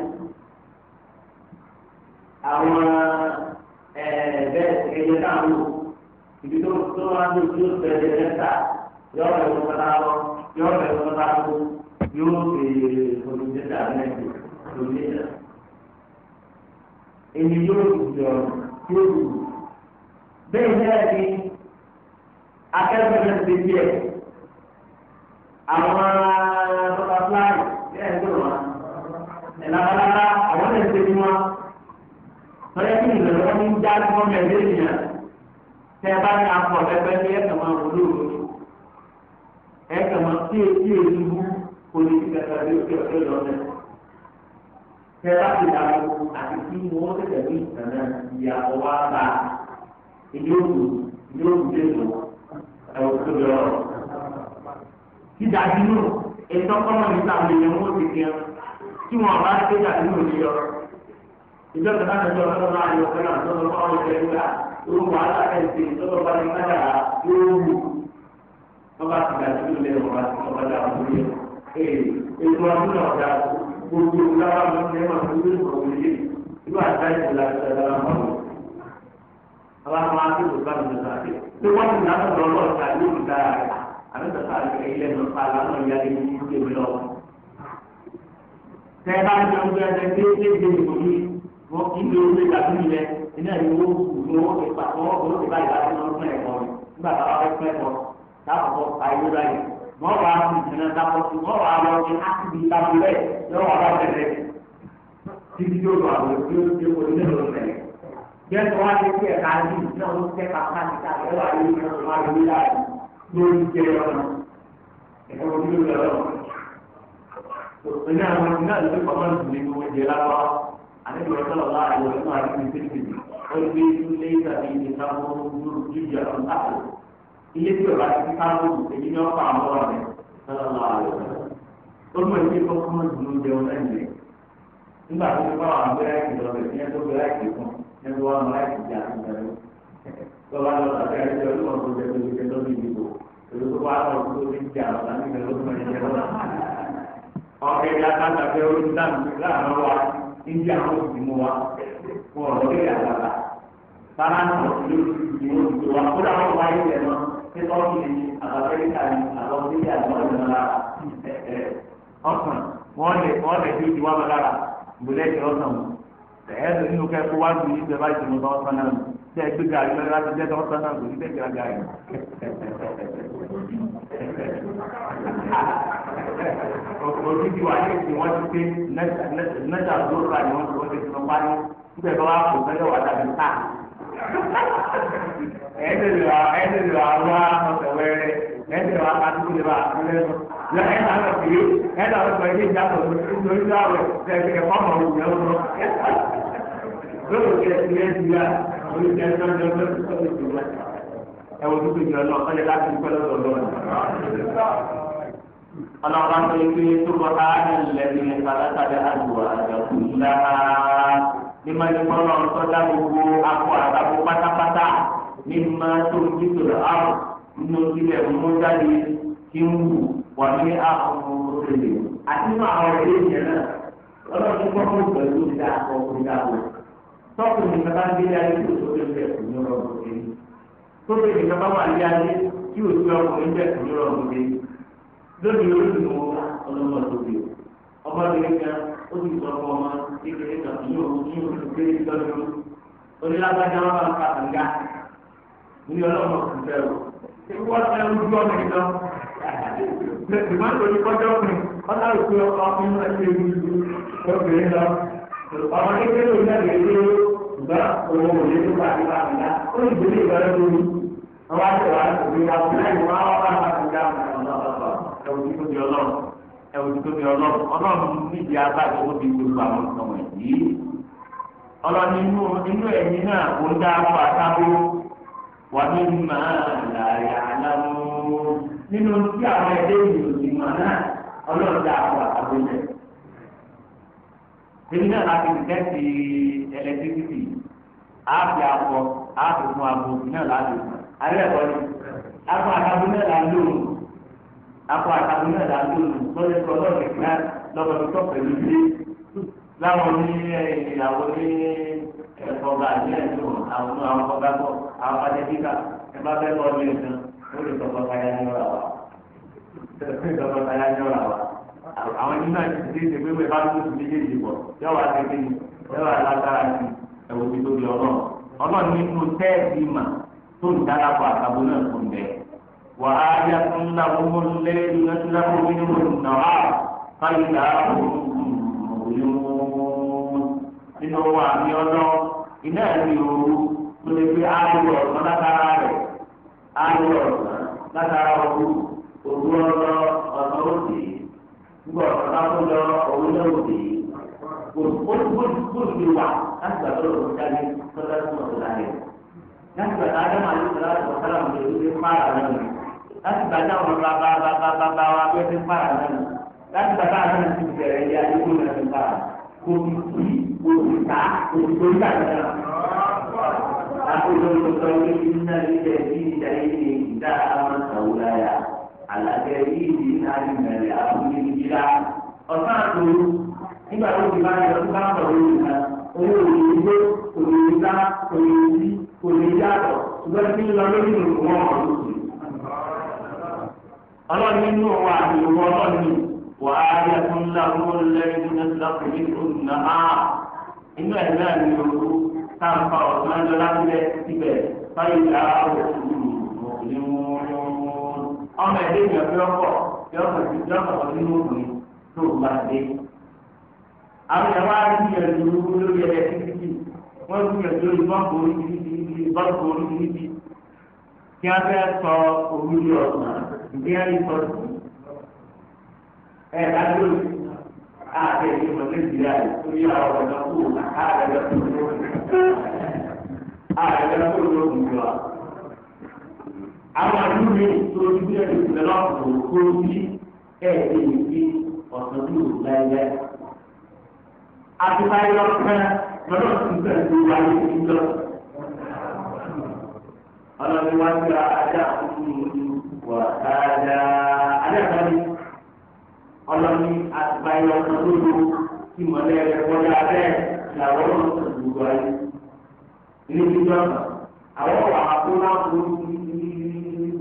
[SPEAKER 1] àwọn bẹ́ẹ̀ ẹ̀yẹ táwọn ò ibi tó tó wá ní ojú ọ̀sẹ̀ lẹ́tà yọ̀ọ́ bẹ̀rẹ̀ wọn bá lọ yọ̀ọ́ bẹ̀rẹ̀ wọn bá lọ yóò béèrè olùdíje àbẹ́ẹ̀dì olùdíje. èmi yóò dùjọ yóò dùn bẹ́ẹ̀ bẹ́ẹ̀ ni akẹ́kọ̀ọ́ náà ti di ẹ̀ àwọn bọ́tà fúláì ẹ̀ gbọ́dọ̀ wá. Ẹ̀ labalábá àwọn ẹ̀ ń ṣe ní wọn. Lọ́yẹ́ kí ìlú wọn ní já tí wọ́n mẹ̀ lé nìyà. Tẹ́ ẹ bá ní akọ ọ̀bẹ́bẹ́ ní ẹ̀kẹ́ máa wò lóòrò. Ẹ̀kẹ́ máa tí etí èyí mú orí kẹta bí ó kẹ́ lọ́dẹ. Tẹ́ ẹ bá ti dà àti kí wọ́n tẹ̀lé ní ìtàná ìyàwó wa bá ìyóòkù ìyóòkù dé lọ ètò ọkọ̀nà níta àwọn èèyàn wọ́n ti kí ẹ tí wọ́n bá ṣe dàbí òní yọ. ìjọ kan náà lọ́jọ́ ọ̀sán náà yọ ọ̀sán náà lọ́jọ́ ọ̀sán ọ̀rọ̀ ìṣẹ́ nígbà yóò wà lákàtí lọ́jọ́ bá ní kájà yóò wù. wọ́n bá ti dàbí ìlẹ̀ ọ̀gá ọ̀gá dà wọ́n yẹ. ètò ọdún ọ̀gá gbogbo lára ló ń lẹ́wọ̀n tó ló ń kọ̀ wọlé ìlú àtàlẹ́ ìlà ìṣẹ̀dá àwọn àwọn àti àlùkò sáà lè ilẹ̀ mọ̀ pa àlànà ìyá lè mú ìdè mi lọ. Tẹ́ ẹ bá ń jẹun bí ẹsẹ̀ tí ó lé ìdè ìbò mi, wọ́n kì í lè orí ìdàgbé mi lẹ, iná ìwé òkú owó ti pa owó owó ti bá ìdàgbé lọ fún ẹ̀kọ́ rẹ̀ nígbà tá a bá fẹ́ kọ́ dáàbò pa ìwé báyìí. Wọ́n wà á fún ìṣẹ̀lẹ̀ dáàbò sí, wọ́n sí ẹ̀ka yìí náà ló kẹ́ka káàkiri àti ẹ̀wà yìí náà wá lórí láàyè lórí jẹrẹ ọ̀nà ẹ̀wọ̀n ojú ló lọ́wọ́ òpinnu àwọn ọmọ náà ló pamọ́ ìdílé gbogbo jẹ lápá àdébò ọ̀sán ọ̀la àyọ̀ ẹ̀fọ́ àti ìfẹ́sẹ̀ wọ́n gbé ilé ìtàgé ìdí káwọn olóòrùn jíjà ọ̀la ilé tí ọ̀la ti káwọn èyí ni wọ́n pa àwọn ọ̀rẹ́ sọ́lá àyọ̀ ọmọ ìdí kọ́kọ́ mọ́ ìdúró jẹun náà ilẹ̀ nígbà tó ti bá àwọn abẹ́rẹ́ ìdọ̀rẹ́ ìyẹn tó bẹ̀rẹ̀ ìdí fún ẹgbẹ́ wọn láì lọ́wọ́ lọ bàtà ẹ̀jẹ̀ ọdún wọn kò jẹ́ kó jẹ́ lọ́dún ìdìbò èyí tó wà lọ tó ti jà lọ́dún ìdìbò lọ́dún wọn jẹ́ lọ́dún. ọ̀kẹ́ ìyá sáńtà fẹ́ orí dáàbò láàárọ̀ wa níbi àwọn òbí mu wa fún ọ̀rọ̀ lórí àgbàlá. sára náà ló ti mú ìdìbò wa kó dà wọ́n wáyé rẹ̀ mọ́ pé tọ́kì ni àbáfẹ́ríkà ni àbáfẹ́ríkà ni wọ́n lè lára ọ̀sán wọ́n lè wọ́n lè fi ìdíwọ́ bá lára ìbùdó ẹ̀jẹ̀ ọ̀sán ẹ̀ẹ́dùn nínú kẹ́kọ̀ọ́ wá ju ìgbẹ́ bá jùlọ bá ọ̀sán náà tẹ ẹgbẹ gàrí lọ láti jẹ tọwọ sọnà lórí tẹ gbẹ gàrí. òbí ti wà ní ìsìn wọn ti pé nẹta lóra ni wọn ti wọn ti fi lọ parí nígbà tó wà kó fẹlẹ wà dàbí ta. ẹ̀ẹ́dẹ̀rẹ̀ wà ẹ̀ẹ́dẹ̀rẹ̀ wà wá ọ̀sẹ̀ wẹ́rẹ́ ẹ̀ẹ́dẹ̀rẹ̀ wà kátó lè wà lẹ́nu. lẹ́yìn náà lọ sí ẹ̀ẹ́dà ìjà tó lórí láwẹ̀ tẹ̀ ẹ̀fọ́ mọ̀ òwúrẹ́ wọn lọ. lóòótọ́ ẹ̀ orí tẹ ẹgbẹ́ ọjọ́ ọjọ́ tó sọ̀rọ̀ ìlú rẹ̀ ẹ̀wọ̀n tó gbèjọ náà ọ̀sẹ̀ láti pẹ́ lọ́dọ̀ lọ́wọ́. ọlọ́run á sọ pé tó bọ́ ká ilẹ̀ ní ìfàlásàbí àdùwà àjọkù ńlá nígbà tí bọ́lá ọ̀tọ́ dá gbogbo akọ àtàkù pátápátá nígbà tó ń dìtò àrùn nínú ilẹ̀ mú jáde kí ń wù wà ní àwọn ọmọ òṣèlú àti máa ọ̀rẹ́ ìyẹn náà ọlọ́run gbọ́dọ̀ pẹ̀lú ìdá àkọ́kọ́ ìdá àkọ́kọ́ tọ́kùn nìkan bá ń gbé ayé tí òṣù tó ń bẹ̀ kò ní rọrùn gbé tóbi nìkan bá wà ní ayé tí òṣù ọkùnrin bẹ̀ kò ní rọrùn gbé lónìí olùdùnnú ọlọ́mọ tóbi ọmọbìnrin kan ó sì sọ fún ọmọ kékeré kan ní òun ní òun gbé lọ́dún onílágbájá wọn bá ń fa kànga ní ọlọ́mọ kùfẹ́ o wọ́n fẹ́ ojú ọmọ ìtàn ìmọ̀ nítorí kọjọ́ ọkùnrin ọlọ́run pé ọkùnrin náà ṣe é ọmọ kékeré ló ń tẹ̀lé pé ṣùgbọ́n òun ò lè tó bá ti bá mi dá ó lè gbélé ìbẹ̀rẹ̀ lórí àwọn àtẹ̀wá òbí wa fún láì wá wá bá ti dá ẹ̀wù tó tóbi ọlọ́run ẹ̀wù tó tóbi ọlọ́run ọlọ́run níbi abájọ tó ti gbogbo àwọn ọmọ yìí ọlọ́run inú inú ẹ̀yìn náà kò nínú tí àwọn ẹgbẹ́ ìlú náà èmi náà la fi tẹ́sí ẹlẹtírísítì àáfi akọ àáfi fún abo náà la lò alẹ́ ẹ̀kọ́ ni akọ àtàbí náà la lò akọ àtàbí náà la lò lọ́dẹ tó lọ́dẹ kíá lọ́dẹ tó tọ́ pẹ̀lú ilé láwọn ní ìyàwó eh, ní ẹ̀kọ́ gà ní ẹ̀dùn àwọn eh, àwọn kọ́gbàgbọ́ àwọn pàtẹ́kíkà ẹ bá fẹ́ lọ́ọ́ lé nǹkan ó lè tọkọtaya ní ọ̀rà wa tọkọtaya ní ọ̀rà wa papọ̀ àwọn ẹni náà ti dé ìdègbè wẹ̀ bá tó ti méjèèjì pọ̀ yọ̀wá tẹ̀lé yọ̀wá lágbára sí ẹ̀wọ̀ bí lórí ọlọ́run ọlọ́run nínú tẹ́ẹ̀sì mà tó ń darapọ̀ àtàbọ̀ náà kò ń bẹ̀. wà á yá fún láwùmọ́ lẹ́yìn lọ́síláwọ́ nínú nàá káyìlá nínú wa mi ọlọ́ iná ẹ̀mí ooru tó lè fi áyọ̀ ọ̀sán látara rẹ̀ áyọ̀ ọ̀sán látara ooru òru ọlọ́ ọ̀sán òsì gbọ́ àkójọ òun náà wò dé gbòdùgbòdù wà láti gbà lọ́dọ̀ tó jáde tọ́lá tó wà láyé láti gbà tá a dáná àti tọ́lá tó wà láwọn èdè tó fara lẹ́nu láti gbà tá àwọn bàbá bàbá bàbá wa tó ti fara lẹ́nu láti gbà tá àwọn ti bẹ̀rẹ̀ ilé ayé tó lẹ́nu fara kò ní kú kò ní ta kò ní torí àti náà. àkójọ tó sọ pé iná ilẹ̀ yìí ìdáyé ni ìdá àlàjẹ yìí di láti mẹ̀lẹ̀ àbúlé ìjìlá ọ̀sán àtòrò nígbà tó ti bá yẹ bá bọ̀ lórí owó òye òye ìta òye ìdí òye ìyàtọ̀ ṣùgbọ́n lọ lórí wọn lóṣù. àti ìwọ wà á yẹ lẹ́yìn ní náà inú ẹ̀ náà ni táǹpà ọ̀sán ọmọ ẹdẹ yẹn fẹ́ ọkọ̀ yọ ọkọ̀ ndị yọ ọkọ̀ tí ló wù tó bá dé. àwọn yẹn wá ní ìyẹ̀dù lórí ẹ̀rẹ́ títí wọ́n ti lórí orí orí kí fẹ́ sọ ọ̀sán ìdí ẹ̀rí sọ sí. ẹ̀ dájú nàìjíríà lórí àwọn àdúgbò yẹn tó ti bí ẹni tó lọ kó sí ẹ̀ẹ́dẹ̀ yìí fi ọ̀sán tó lò láyé. Àtúntà yọ pẹ́ lọ́dọ̀ tó ń tẹ̀lé wáyé ìjọ. Ọlọ́run wá sí ajá òkú wà ájá ajá ìbáni. Ọlọ́run àtúntà yọ ọ̀sán tó lò kí mọ̀lẹ́ rẹ̀ wọlé abẹ́ làwọn ọ̀sán tó lò wáyé. Ilé ìjọba àwọn wà á kó náà kó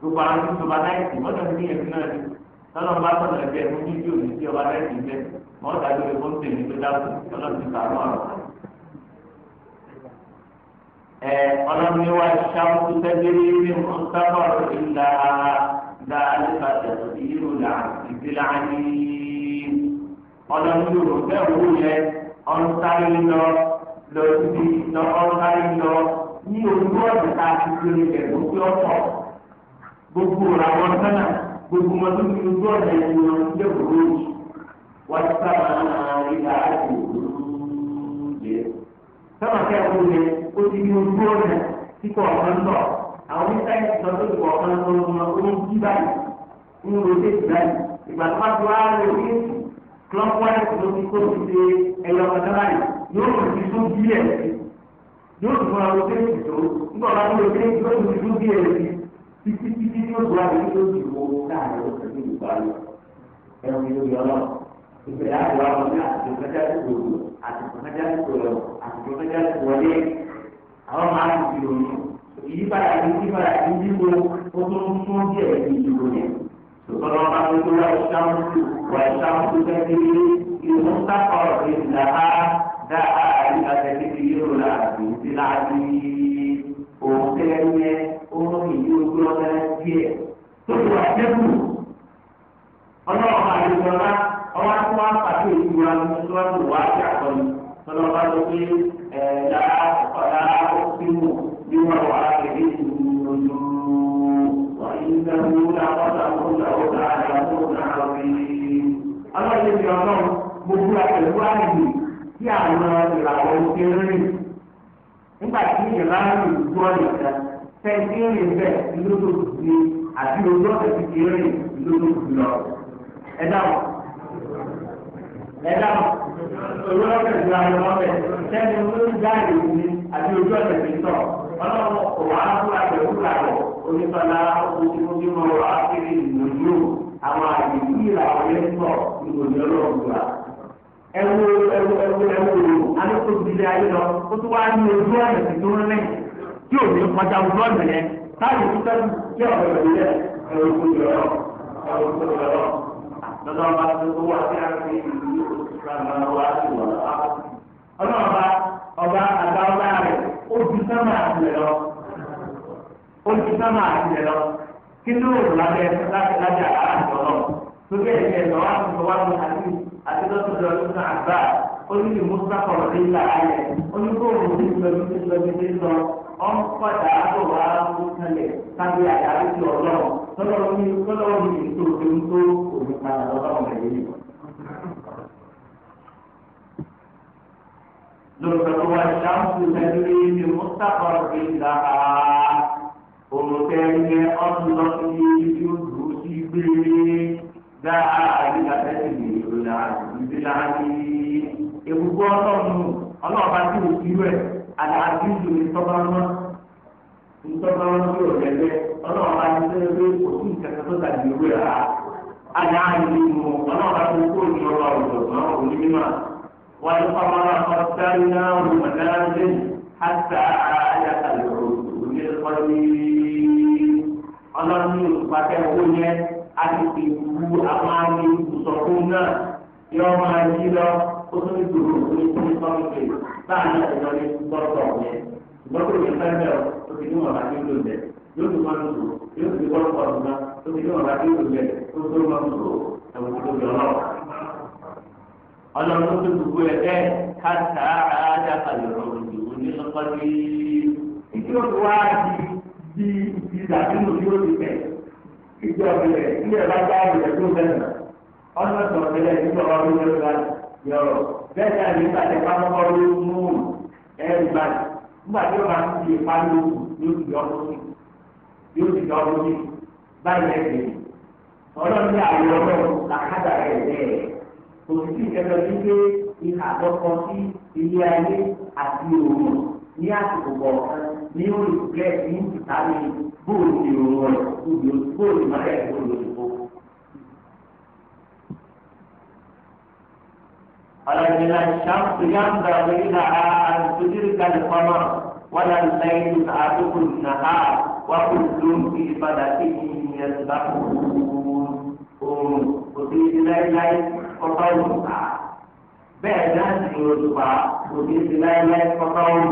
[SPEAKER 1] gbogbo àwọn tó bá láì sí mọ́tò ní ẹ̀sìn náà ni tọ́lọ́ bá tọ̀nà ẹ̀jẹ̀ mú ní bíò ní sí ọba láì sí bẹ́ẹ̀ mọ́tò àgbèrè fún tèmi tó dáàbò tọ́lọ́ ti sàánú àrùn. ẹ ọlọ́ni wa ṣàkóso tẹ́lẹ̀ ní mọ́tàbọ̀rọ̀ ìlà dáadáa tẹ̀sán ìlú là ìdílé àní. ọlọ́ni yóò bẹ́ẹ̀ wú yẹ ọ̀nsáyé lọ lọ sí ọ̀nsáyé lọ ní gbogbo àwọn sánà gbogbo wọn tó fi ojú ọ̀nà ẹ̀yìn wọn lé òwúrò jù wọ́n ti sábà máa rí àájò ó ti ní ojú ọ̀nà tí kò ọ̀kan àwọn kò ọ̀kan ó ń jí báyìí ń ro déjì báyìí ìgbà tó bá lè rí èsì ló ti kó ti ṣe yóò tún ra tí ó dùn àwọn yóò di owó káàdì òkèèrè ìgbàlú ẹ̀rù yóò yọ lọ. ìpèlè àgbà wọn ní àtìkò mẹ́ta ti gbòòrò àtìkò mẹ́ta ti gbòòrò àtìkò mẹ́ta ti wọlé àwọn máa ń fi òyìn ìyípadà ní ìyípadà ní yípo ó tó ń fún díẹ̀ ní ìdìbò ní. sọ̀tọ́lọ́ bá tó tó wáyé sáwùsù wáyé sáwùsù bẹ́ẹ̀ ni ìlú ń sáfà ọ̀rẹ́ ìlà á dá àárín àtẹ̀lé òun ni ìlú ogun ọ̀la díẹ̀ tó ti wà jẹ́kù ọlọ́ọ̀pá àdìgbọ́lá ọwọ́ tí wọ́n pàṣẹ ìlú wa ní sọ́ọ̀tù wá sí àkọlù tọ́lọ́pá ló pé ẹ̀ẹ́dá ọ̀la ọ̀sìnwó ní wọn wà kéde ìlú ìdàgbò làkọ́tà kọ́tà ọ̀tà àdàbò náà rí. ọlọ́run ti ọlọ́run gbogbo àtẹ̀wé àyè tí àwọn ìràwọ̀ ti rìn nígbà tí ìràwọ̀ ìgbọ́ ìjà tẹ̀sí rìn bẹ́ẹ̀ lódò sí àti ojú ọ̀sẹ̀ ti fi rìn lódò sí lọ. Ẹ dáhùn. Ẹ dáhùn. Òwú ọ̀sẹ̀ ti ra lọ́wọ́ bẹ̀. Sẹ́ni olórí jáde ní àti ojú ọ̀sẹ̀ ti sọ. Ọlọ́run òwò arákùnrin àgbẹ̀ òwúrọ̀ àgbẹ̀ onífọ̀lá ojúmọ́jú mọ́ ọ̀rọ̀ ákéré ìlòjú àwọn àgbègbè ìlà ọ̀rẹ́ sọ ìgbòdì ọlọ́ọ̀gbà. Ẹ wo ẹ wo ẹ wo ẹ wo àlékòbí ilé ayé lọ, ó tún wá ní ojú ọ̀nà tuntun rẹ̀ tí ò ní kọjá ojú ọ̀nà yẹn táyì tó tẹ́lú tí ọ̀rọ̀ rẹ̀ yẹ ẹ̀rọ ìkójú ọ̀rọ̀ ẹ̀rọ ìkójú ọ̀rọ̀ lọ́dọ̀ ọba tó tó wà sí àgbẹ̀ ìlú ìlànà wa sí wọ̀lá. ọlọ́ọ̀ba ọba àgbà ọba rẹ̀ ó ju sánmà àtìlẹ̀ lọ ó ju sánmà àtìlẹ̀ lọ kí ló rò lábẹ́ lábẹ́ àlá àtọ̀ náà tó bẹ́ẹ̀ ni ẹ̀ oníbi musa kọlọ ní ìlà ayẹ onígbòrò ní ìlọbi ní ìlọbi ní lọ ọ̀npọ̀dà àbọ̀wá àbúkálẹ̀ sábẹ́ àyàrí ti ọlọ́run tọ́lọ́run ní tọ́lọ́run ní ètò òfin tó òfin padà lọ́wọ́ rẹ̀ yìí. lọ́sọ̀rọ̀ wa ṣàǹfù lẹ́nu ní musa kọlọ ní ìlà olùkẹ́ni ọdún lọ́sọ̀rọ̀ yìí yóò dùn sí gbé dáa àyíká ìdílé àti. ebubo ọlọ́run ọlọ́ọ̀bá tí ò àdáàbí ìlú ìtọ́gbọ́nmọ́ ìtọ́gbọ́nmọ́ tí ò lẹ́lẹ́ ọlọ́ọ̀bá tí ó lé òsì ìkẹta tó dàbí owó rà á àdáàbí ìlú ọlọ́ọ̀bá kó ní ọba òjòjò onímọ̀ wà ní pàmòrà náà ó tún ní gbogbo ní ní kọ́mìtì láàrin ọ̀dọ́ ní gbọ́dọ̀ yẹn ṣùgbọ́n tó yẹ fẹ́ bẹ́ẹ̀ ó ti ní wọn bá nílò bẹ̀ yóò ti wọn lò yóò ti wọ́n pọ̀ ọ̀dùnmá ó ti ní wọn bá nílò bẹ̀ ó tó wọn lò ẹ̀wọ̀n tó yọ lọ. ọlọ́run tó gbogbo ẹ̀ bẹ́ẹ̀ káta àádáta lọ́rọ̀ òdìwọ̀n ní lọ́kọ́ ní ìdíwọ́ tó wá yọrọ bẹ́ẹ̀ náà ní ìgbà tí pálọ́mọ́ ló mú ẹrù báyìí nígbà tí ó máa ń fi pálọ́ yóò ti yọ ọdún yóò ti yọ báyìí ọlọ́run ní làkàdà bẹ́ẹ̀ kò sí ìhà sí ilé ayé àti ní àsìkò kọ̀ọ̀kan ní ní bóòlù ìròyìn bóòlù mọ́lẹ̀ bóòlù ولكن الشمس ينبغي لها أن تدرك القمر ولا الليل ساعته النهار وكل في فلك يسبحون òbí láéláé kọ́kọ́ òun ká bẹ́ẹ̀ náà sì ni òṣùpá òbí ti láéláé kọ́kọ́ òun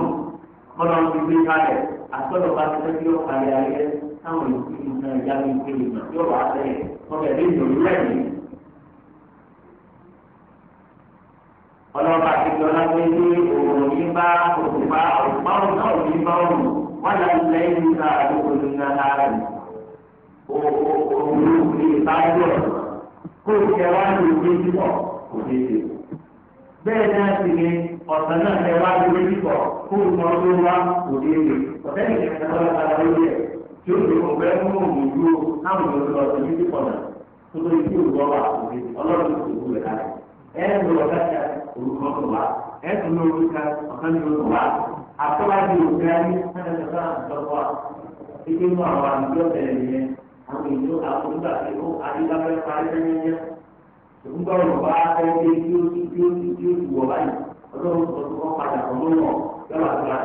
[SPEAKER 1] kọ́nà ti gbé kalẹ̀ àtọ́nà bá ti tẹ́tí ọ̀ka ayé ayé ọlọ́ba àtijọ́ lábẹ́ ní òòrùn ní bá òkúpa ọ̀pọ̀lọpọ̀ náà ní bá òòrùn wọ́n lọ lẹ́yìn nígbà àdúgbò ní nàlá rẹ̀ òòrùn ní ìbáyọ̀ kó o jẹ wá ní ojú ìdíbọ̀ kò ní ṣe. bẹ́ẹ̀ náà sì ni ọ̀sán náà jẹ wá ní ojú ìdíbọ̀ kó o mọ ọdún wá kò ní ṣe. ọ̀sẹ̀ ìṣẹ̀lẹ̀ ọlọ́ba lórí tí ó lè kó bẹ́ẹ̀ òòrùn dúró láwọn ìlú ọ̀sán ìdíbọ̀ náà ẹ lọ ọ̀gáta olùkọ́ tó wá ẹ tún lọ orúkọ ọ̀kan tó wá àtọ́wájú òkúra ní sẹ́dẹ̀ẹ́dẹ́gbà àtọ́wá ike mú àwọn àdúgbò bẹ̀rẹ̀ yẹn àwọn èso àwọn nígbà tí ó adébáfẹ́ parí lẹ́yẹnyẹ nígbà wọn bá fẹ́ dé tí ó ti tí ó ti tí ó ti wọ̀ báyìí ọlọ́run sọ fún wọn padà fún wọn lọ lọ́wọ́ àtúrà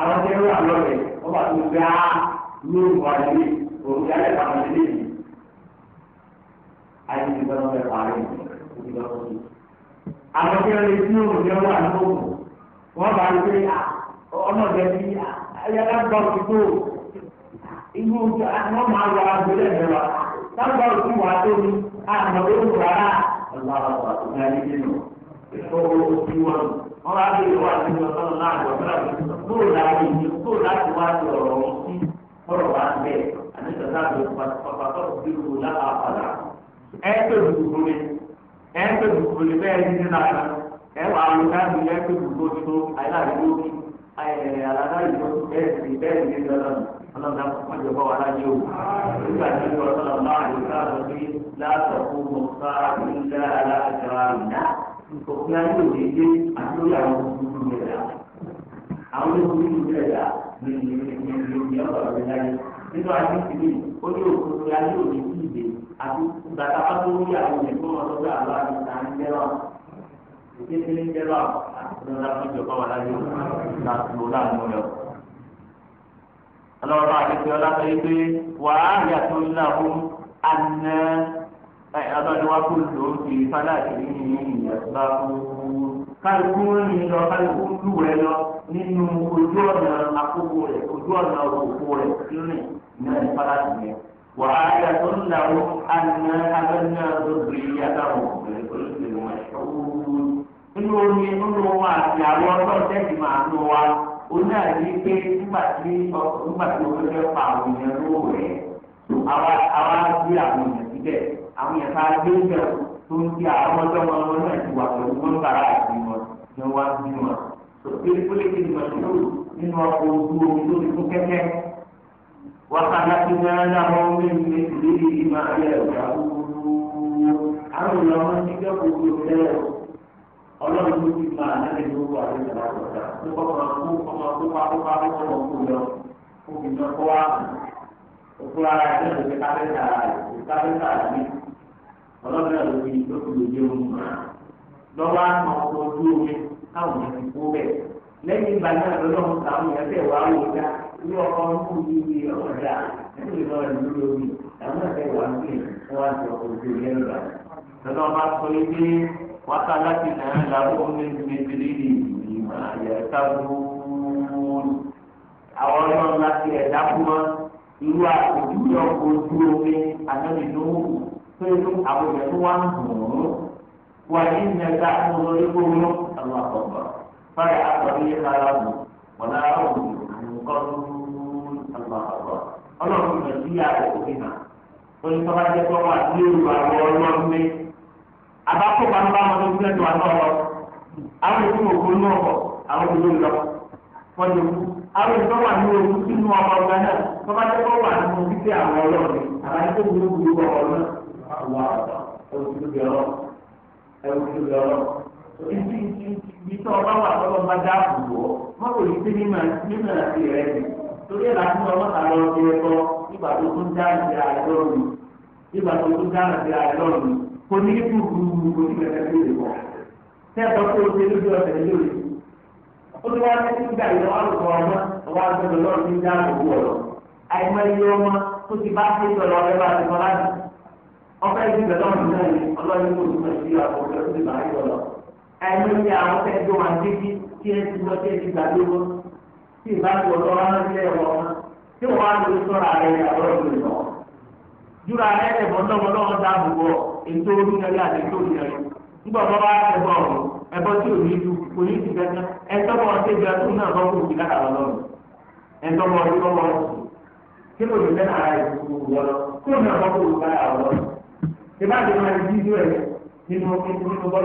[SPEAKER 1] àwọn tí wọ́n wà lọ́rẹ̀ wọ́n bá tún gbá ní òkúra yìí òkúra yẹn kà wọ́n lé ti lọ sí. Àwọn tí wọ́n lè tí òun yẹn wà lóògùn, wọ́n bá rí pé ọlọ́dẹ bí ayára gbọ́ ti tó. Irú wọn máa wọ agbélé ẹ̀rọ wa. Sábà òkú wa tó ní àná òun rárá. Ọlọ́run wà tó ní ayé nínú. Ìṣòro ti wọn. Wọ́n bá bí ìwà tí wọ́n sọ̀rọ̀ náà lọ sí àgbẹ̀. Bóò láti ìyẹn bóò láti wá sí ọ̀rọ̀ wọn sí ọ̀rọ̀ wa bẹ́ẹ̀. Àní sọ̀rọ̀ láti pàpàtọ̀ bí ẹ ń pè bùkún lè bẹ́ẹ̀ ní nínú àná ẹ wà á lọ káàmì ẹ pè bùkún tó àyàlá ìlú òkè àyàlá ìlú ẹ sì bẹ́ẹ̀ ní nínú àná ọlọ́dà mọ̀jọ bá wà láyé o nígbà tí wọ́n sọ̀rọ̀ máa lè káàdọ̀ bí látọ̀kù mọ̀ká nílẹ̀ aláàjọra ìdá òkè ayé òde dé àti lórí àwọn olùdókòwò rẹ̀ dà àwọn olùdókòwò rẹ̀ dà ní ìlú ìlú ìlú ìlú ọ̀rọ̀ rẹ̀ láyé nínú ayé ìlú ó ní òkú ayé òde kí ìdè àti bàtà bá tó rí àwọn ìgbìmọ̀ wọn lọ́dọ̀ àlọ́ àti ìtàn jẹ́rọ̀ ìkékeré jẹ́rọ̀ àti ìdúrà fún ìjọba wà láyé láti lò láàánú rẹ̀. ọlọ́run àdéhùn ọlọ́sọ yìí pé wàá yàtọ̀ láhùn àná abájọwá kò lò ó fi fádà ìdílé ìyàtọ̀ kálukú ń lọ kálukú ń lù rẹ lọ nínú ojú ọ̀nà àkókò rẹ̀ ojú ọ̀nà òkòkò rẹ̀ lónìí ní ẹ̀fọ́ láti yẹn. وآية لهم أنا حملنا ذريتهم بالفلك المشحون nínú omi nínú wa àti àwọn ọlọ́run tẹ́sí máa nù wa ó náà ní pé nígbà tí nígbà tí o fẹ́ pa àwọn èèyàn lówó rẹ̀ àwa gbé àwọn èèyàn síbẹ̀ àwọn èèyàn ká gbé bẹ̀ tó ń di àwọn ọjọ́ wọn wọn náà ti wà pẹ̀lú wọn bàrà àti wọn ni wọn bí wọn. tó pé kólé kí ni nínú ọkọ̀ ojú omi lórí fún kẹ́kẹ́ وخلقنا لهم من مثله ما يرجعون àwọn ìlú ọmọ ti jẹ́ gbogbo ìlẹ́yà ọlọ́run ló ti máa lẹ́yìn tó wà ní ìlú àgbàdà tó kọ́ máa kó ọmọ tó pa tó pa tó kọ́ kó lọ kó fi lọ kó wá òkú ara ẹ̀ lọ́dọ̀ ní káfíńtà rẹ̀ káfíńtà rẹ̀ ọlọ́run náà ló fi ló fi lè jẹ́ òun mọ́ lọ́wọ́ àwọn ọkọ̀ ojú omi káwọn yẹn ti kó bẹ̀ lẹ́yìn ìgbà náà lọ́dọ̀ táwọn yẹn tẹ̀ wá wò dáa ní ọkọ ọdún ní ibi ọjà nínú ìlọrọ ìlú lórí àwọn ẹgbẹ́ wà ní wọn àti ọkọ ojú ilé ńlá lọ́nà ọba sọ ibi wákà láti nà án làwọn ọmọ ẹgbẹ́ ìdílé ìgbìmọ̀ àyà ẹ̀ka gbóòórùn àwọn ọlọ́run láti ẹ̀dá fún wọn irú àpòjú ọkọ ojú omi àtẹnudó pé àwọn ìyẹn tó wà ń dùn kọ́ọ̀tún àgbàlagbà ọlọ́run ìgbà sí ìyàwó òbí náà oyin tó bá jẹ́ pé wọ́n àti lérò àwọn ọlọ́run ní abákó bàbá wọn tó ń gbẹ́dọ̀ àtọ́rọ̀ àwọn èkó òkú náà bọ̀ àwọn èkó lọ wọ́n ti kú àwọn èkó wà ní ewu sínú ọmọ ọgbà náà tó jẹ́ pé wọ́n àti mọ̀ títí àwọn ọlọ́run àbáyé tó ibi ibi tó ọba wà lọ́wọ́ bá dá àbùwọ̀ mọ́tò yìí ti mímọ̀ àti rẹ̀ ni torí ẹ̀ láti ọmọ ta lọ sí ẹ̀kọ́ nígbà tó tún dá àti àìlọ́ mi nígbà tó tún dá àti àìlọ́ mi kò ní kí kú kú kú kú kí ẹ̀kẹ́ tó lè wọ̀ tẹ́tọ̀ tó o ṣe lójú ọ̀sẹ̀ lórí ó ti wá ní kí nígbà ìlọ wà lọ́wọ́ ọmọ ọwọ́ àgbẹ̀dọ̀ lọ́ọ̀ ti dá àbùwọ̀ lọ àìmọye ọmọ tó ti bá ṣe sọ̀rọ̀ ọ̀rẹ́ bá ti kọ́ láti ọ̀fẹ́ àìmọ̀ ní àwọn tẹ̀ tó wọn débi tí ẹ ti lọ sí ẹbí gbàgbé wọn tí ìbáṣepọ̀ lọ́wọ́ náà ti lẹ̀ wọ́n tí wọ́n á lè sọ̀rọ̀ ààrẹ ìyàwó ìlú lọ. júra ẹ ẹ̀bọ̀n lọ́wọ́ lọ́wọ́ dáàbò ètò oníyanlé àti ètò oníyanlé nígbà wọn bá ẹ̀bọ̀ ọ̀rọ̀ ẹ̀bọ̀ tí ò ní ju kò ní ti tó náà bọ́ fún kí ló lè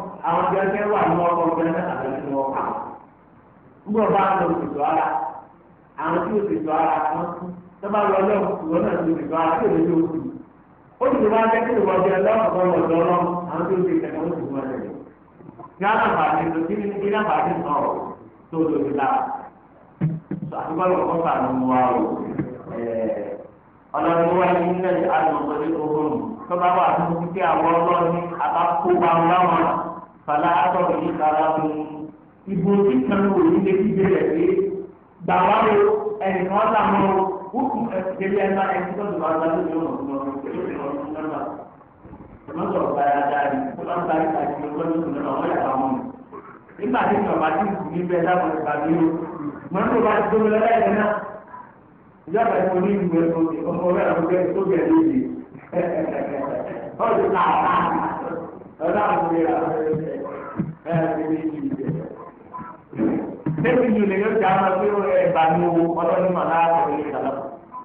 [SPEAKER 1] àwọn gẹ́gẹ́ wà ní ọkọ̀ gẹ́gẹ́ àbẹ̀lẹ̀ ní ọkọ̀ ńgbọ̀ bá ń lọ òṣèlú ara àwọn tí òṣèlú ara kan kú tó bá lọ lọ òṣèlú náà ti òṣèlú ara tí òṣèlú oṣù ó sì máa jẹ́ kí ìwọ jẹ lọ́kọ̀ọ́ lọ́dọ̀ ọlọ́run àwọn tí òṣèlú kẹ̀kẹ́ oṣù wọn lẹ̀ kí alábàáṣe tó kí ní alábàáṣe náà tó lòdì lára àtúbọ̀ lọ́kọ̀ sàánú wa o ọlọ́run wa ní ilẹ̀ àlùmọ̀tò ní ogun tó bá wà fún kí àwọn ọlọ́run àbá kó wa láwọn fàlà àtọ̀rọ̀ yìí fara fún ìbò tí kan wò ní lè dìde rẹ̀ pé gbà wá o ẹnì kan là mọ́ o wúkú ẹ̀sìnkẹ́lẹ́ ẹ̀ máa ẹni tó dùn wá lọ́dún ní ọ̀nà ọ̀nà ọ̀nà ọ̀nà sọ̀rọ̀ báyà dáadé tó bá ń bá ìta ìṣe lọ́dún tó lọ́wọ́ yà wá mọ́ nígbà tí ìjọba ti kù ní bẹ́ẹ̀ dábò ìgbà mi o mọ̀ ní ìjọba ti tóbi lọ́dún ẹ̀ náà ìjọba ti ní ìlú ẹ̀ ọmọ rẹ̀ ló bẹ́ẹ̀ tó bẹ́ẹ̀ lóde ọ̀dùn náà ọ̀dùn náà ọlọ́run màlá àtọ̀rọ̀ yẹn kàlá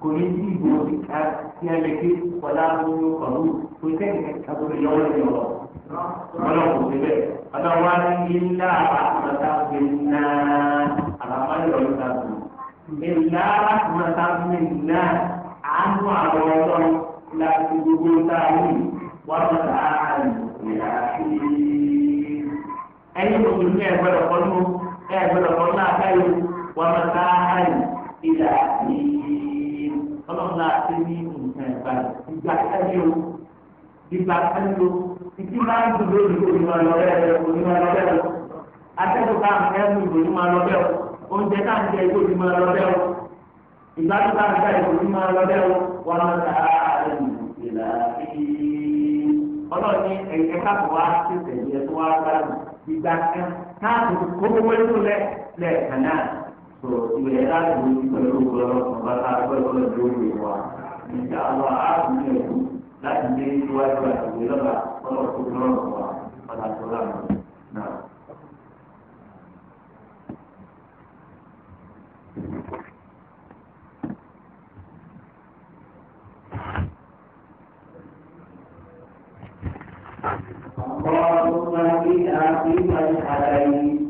[SPEAKER 1] kò ní sí ìbò ìka tí a lè ké wọlé àwọn ọ̀rọ̀ kò sẹ́yìn kẹta tó lè yọwọ́ lẹ́yìn ọ̀rọ̀ ọlọ́run kò sí bẹ́ẹ̀ ọlọ́run wá ní ilá àtúntà pé ná àlàmáyé ọ̀rọ̀ ta tó ilá àtúntà pé ná àánú àwọn ọlọ́run láti gbogbo táwọn wọ́n mọ̀ láàárín ìyá ẹ̀yìn òṣèlú ẹ̀ gbọ́dọ̀ kọ́ ló ẹ̀ gbọ́dọ̀ kọ́ ló wọ́n máa ká àyè ìlà yìí ọlọ́run náà ti ní nǹkan ìbàdàn ìgbà kẹ́lẹ́ o ìgbà kẹ́lẹ́ o ìdí máa ń dùn lórí onímọ̀ lọ́bẹ̀ onímọ̀ lọ́bẹ̀ o atẹ́kọ̀ọ́ ká àwọn ẹ̀mú onímọ̀ lọ́bẹ̀ o oúnjẹ náà ń jẹ ìgbò onímọ̀ lọ́bẹ̀ o ìgbà tó bá ń jẹ ìgbò lọ́bẹ̀ o wọ́n àyè ìlà yìí ní ẹ̀yẹ káàkó wá ṣèṣẹ̀ yẹ tó wá gbàgbọ́ ìgbà kan káàkó kó gbogbo ẹ̀ tó ìwé láti wo ti pẹ̀lú òkúra ọ̀sán bá ká pẹ̀lú ọ̀dọ́ òwe wa ìjà àwọn aráàlú ẹ̀kú láti gbé níwájú àtìwé lọ́la ọlọ́ọ̀tún lọ́rùn wa padà tó lánàá náà. اللهم إن أقيم الحليم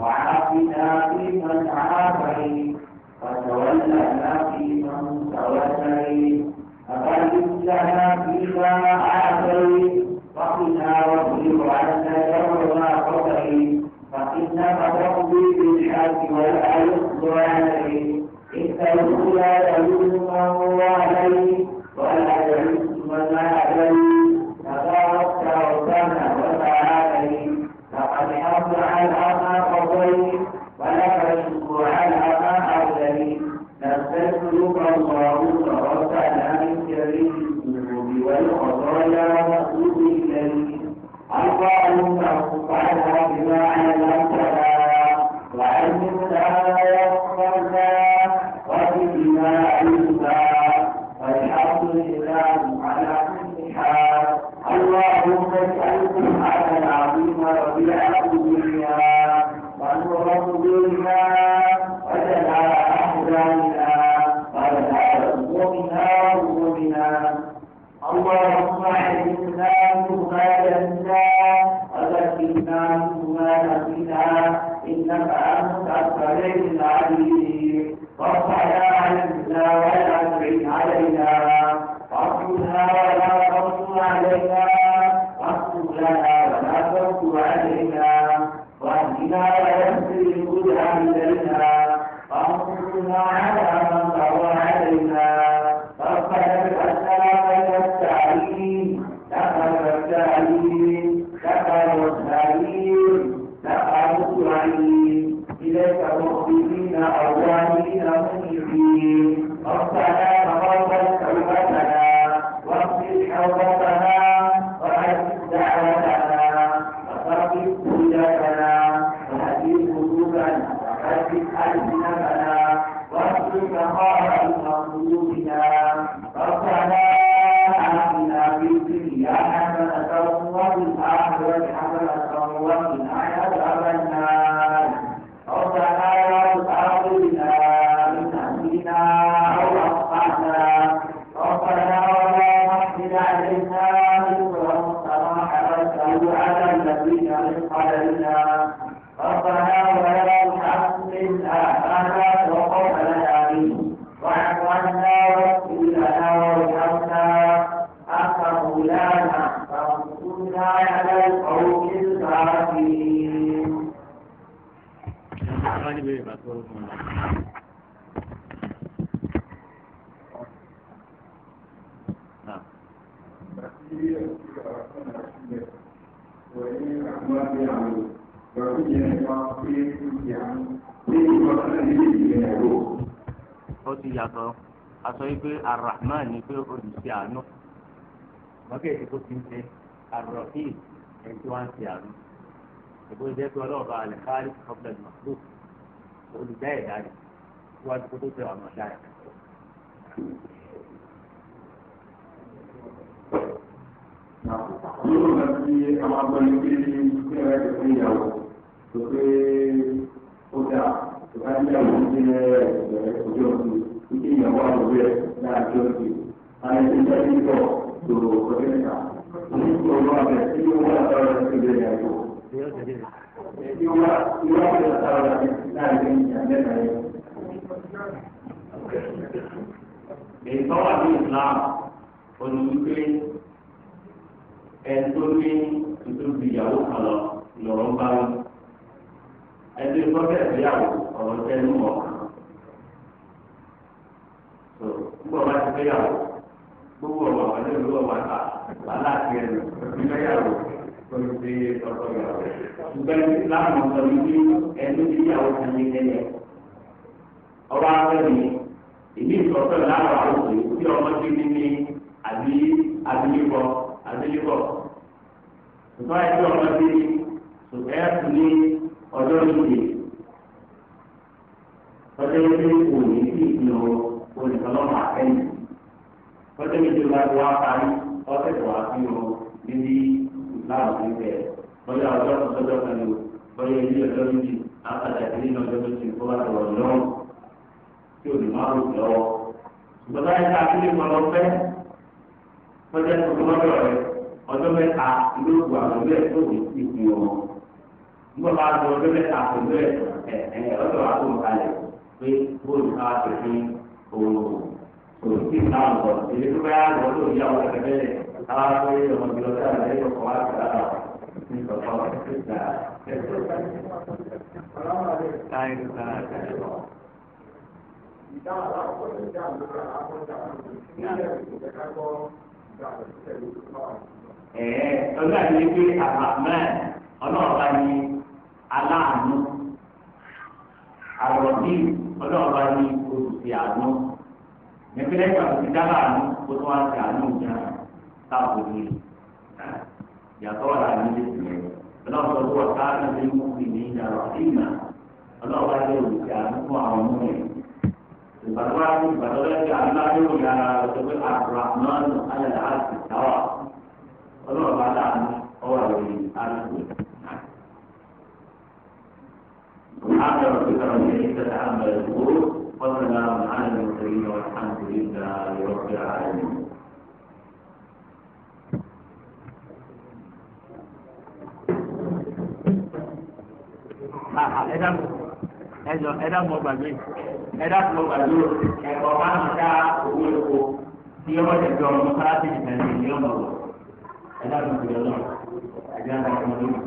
[SPEAKER 1] وعافنا فيمن عافيت وتولنا فيمن توليت outside mọ́kẹ́ ìdìbò ti ń ṣe àròkì ẹni tí wọ́n ń ṣe àrùn ìbò ìjẹ́ pé ọlọ́ọ̀bá alẹ́ kárí ọ̀pẹ̀lẹ̀ màkúrò olùdá ẹ̀dá rẹ̀ síwájú kó tó tẹ ọ̀nà ọ̀dá rẹ̀. yóò lọ sí àwọn agbọ̀nì pé kí ẹ̀rọ ti fún ìyàwó tó pé ó dà tó bá níyàwó ń gbé ẹ̀rọ ìjọ òkú kí ìyàwó àwòrán ẹ̀ láàjọ òkú. àìsí ìjọba ìjọba to fahimta shi kuma da shi wani tsara shi da ya yi shi wani tsara shi na yin yanzu na yi mai tsawa da islam wani wípé ẹ̀tọ́ ní tuntun ìyàwó kan lọ lọ́rọ̀ ń bá wọn ẹ̀tọ́ ìfọ́fẹ́ ìyàwó ọ̀rọ̀ tẹnu ọ̀kan. Gbọ́dọ̀ bá ti fẹ́ yàwó gbogbo ọ̀wà wà ní ìlú ọ̀wà ta wàhálà tiẹ̀ nù nígbàyàwó pẹ̀lú pé ọ̀tọ̀ yàwó. ṣùgbọ́n láwọn ọ̀sọ̀ ní bí ẹni tí yàwó kan ní ẹ̀yẹ. ọba abẹ́ni ìní ìsọ̀tọ̀ láwọn àwòsàn yìí tí ọmọ ti ní ní àbí abilékọ abilékọ. ṣùgbọ́n ẹgbẹ́ ọmọ ti ní ṣùgbọ́n ẹ̀ tún ní ọjọ́ ìdè. ọjọ́ ìdè kò ní sí olùkọ́lọ́mọ ọjọ́ méjì ló máa wá parí ọ̀sẹ̀ tó wá sí o níbi ìlànà tó ń bẹ̀. bọ́yá ọjọ́ ọjọ́ kan ló bọ́yá ilé ọjọ́ méjì àtàtà ìdílé náà ọjọ́ méjì tó bá tọ̀rọ̀ lọ́wọ́ tí ò ní rò ìgbọ́dọ̀ tó tó lọ́dọ̀ rẹ ọjọ́ mẹ́ta òkú àwọn kò sí ìlànà èyí tó bá yà lọ lórí ìyàwó rẹ bẹ́ẹ̀ àwọn akọ yìí ọmọ ìlú ọjà rẹ yóò kọ́ wá sí ara ní ìsọ̀tọ̀ ìgbà ẹ̀sọ́ Ẹ̀ẹ́ ọlọ́run àti ẹgbẹ́ àbàmẹ́ ọlọ́run bá ní aláàánú àròbí ọlọ́run bá ní olùsí àánú nípínlẹ̀ ìgbà tó ti dábàá àánú kó tó wá sí àánú ìjà táàbù ní ìyàtọ̀ ọ̀la ní ilé ìsìn ọlọ́run tó wọ̀ ká ní ilé mú mi ní ìdàrọ̀ ìmà ọlọ́run wá lé òkè àánú fún àwọn ọmọ rẹ̀ ìgbàdúrà ní ìgbàdúrà lẹ́sẹ̀ àánú lábẹ́ òyà ọ̀sẹ̀ pé àbúràmán alẹ́ àti táwà ọlọ́run bá láàánú ọwọ́ àwòrán àdúgbò. سبحان ربك رب العزة عما يصفون وسلام على المرسلين والحمد لله رب العالمين
[SPEAKER 2] ẹ̀dá mọ̀ gbàgbé
[SPEAKER 1] ẹ̀dá mọ̀ gbàgbé ẹ̀kọ́ máa ń dá owó epo tí ọmọ tẹ̀sí ọmọ sáláṣí ìfẹ̀sẹ̀ ní ọmọ ẹ̀dá mọ̀ gbàgbé ọlọ́run ẹ̀dá mọ̀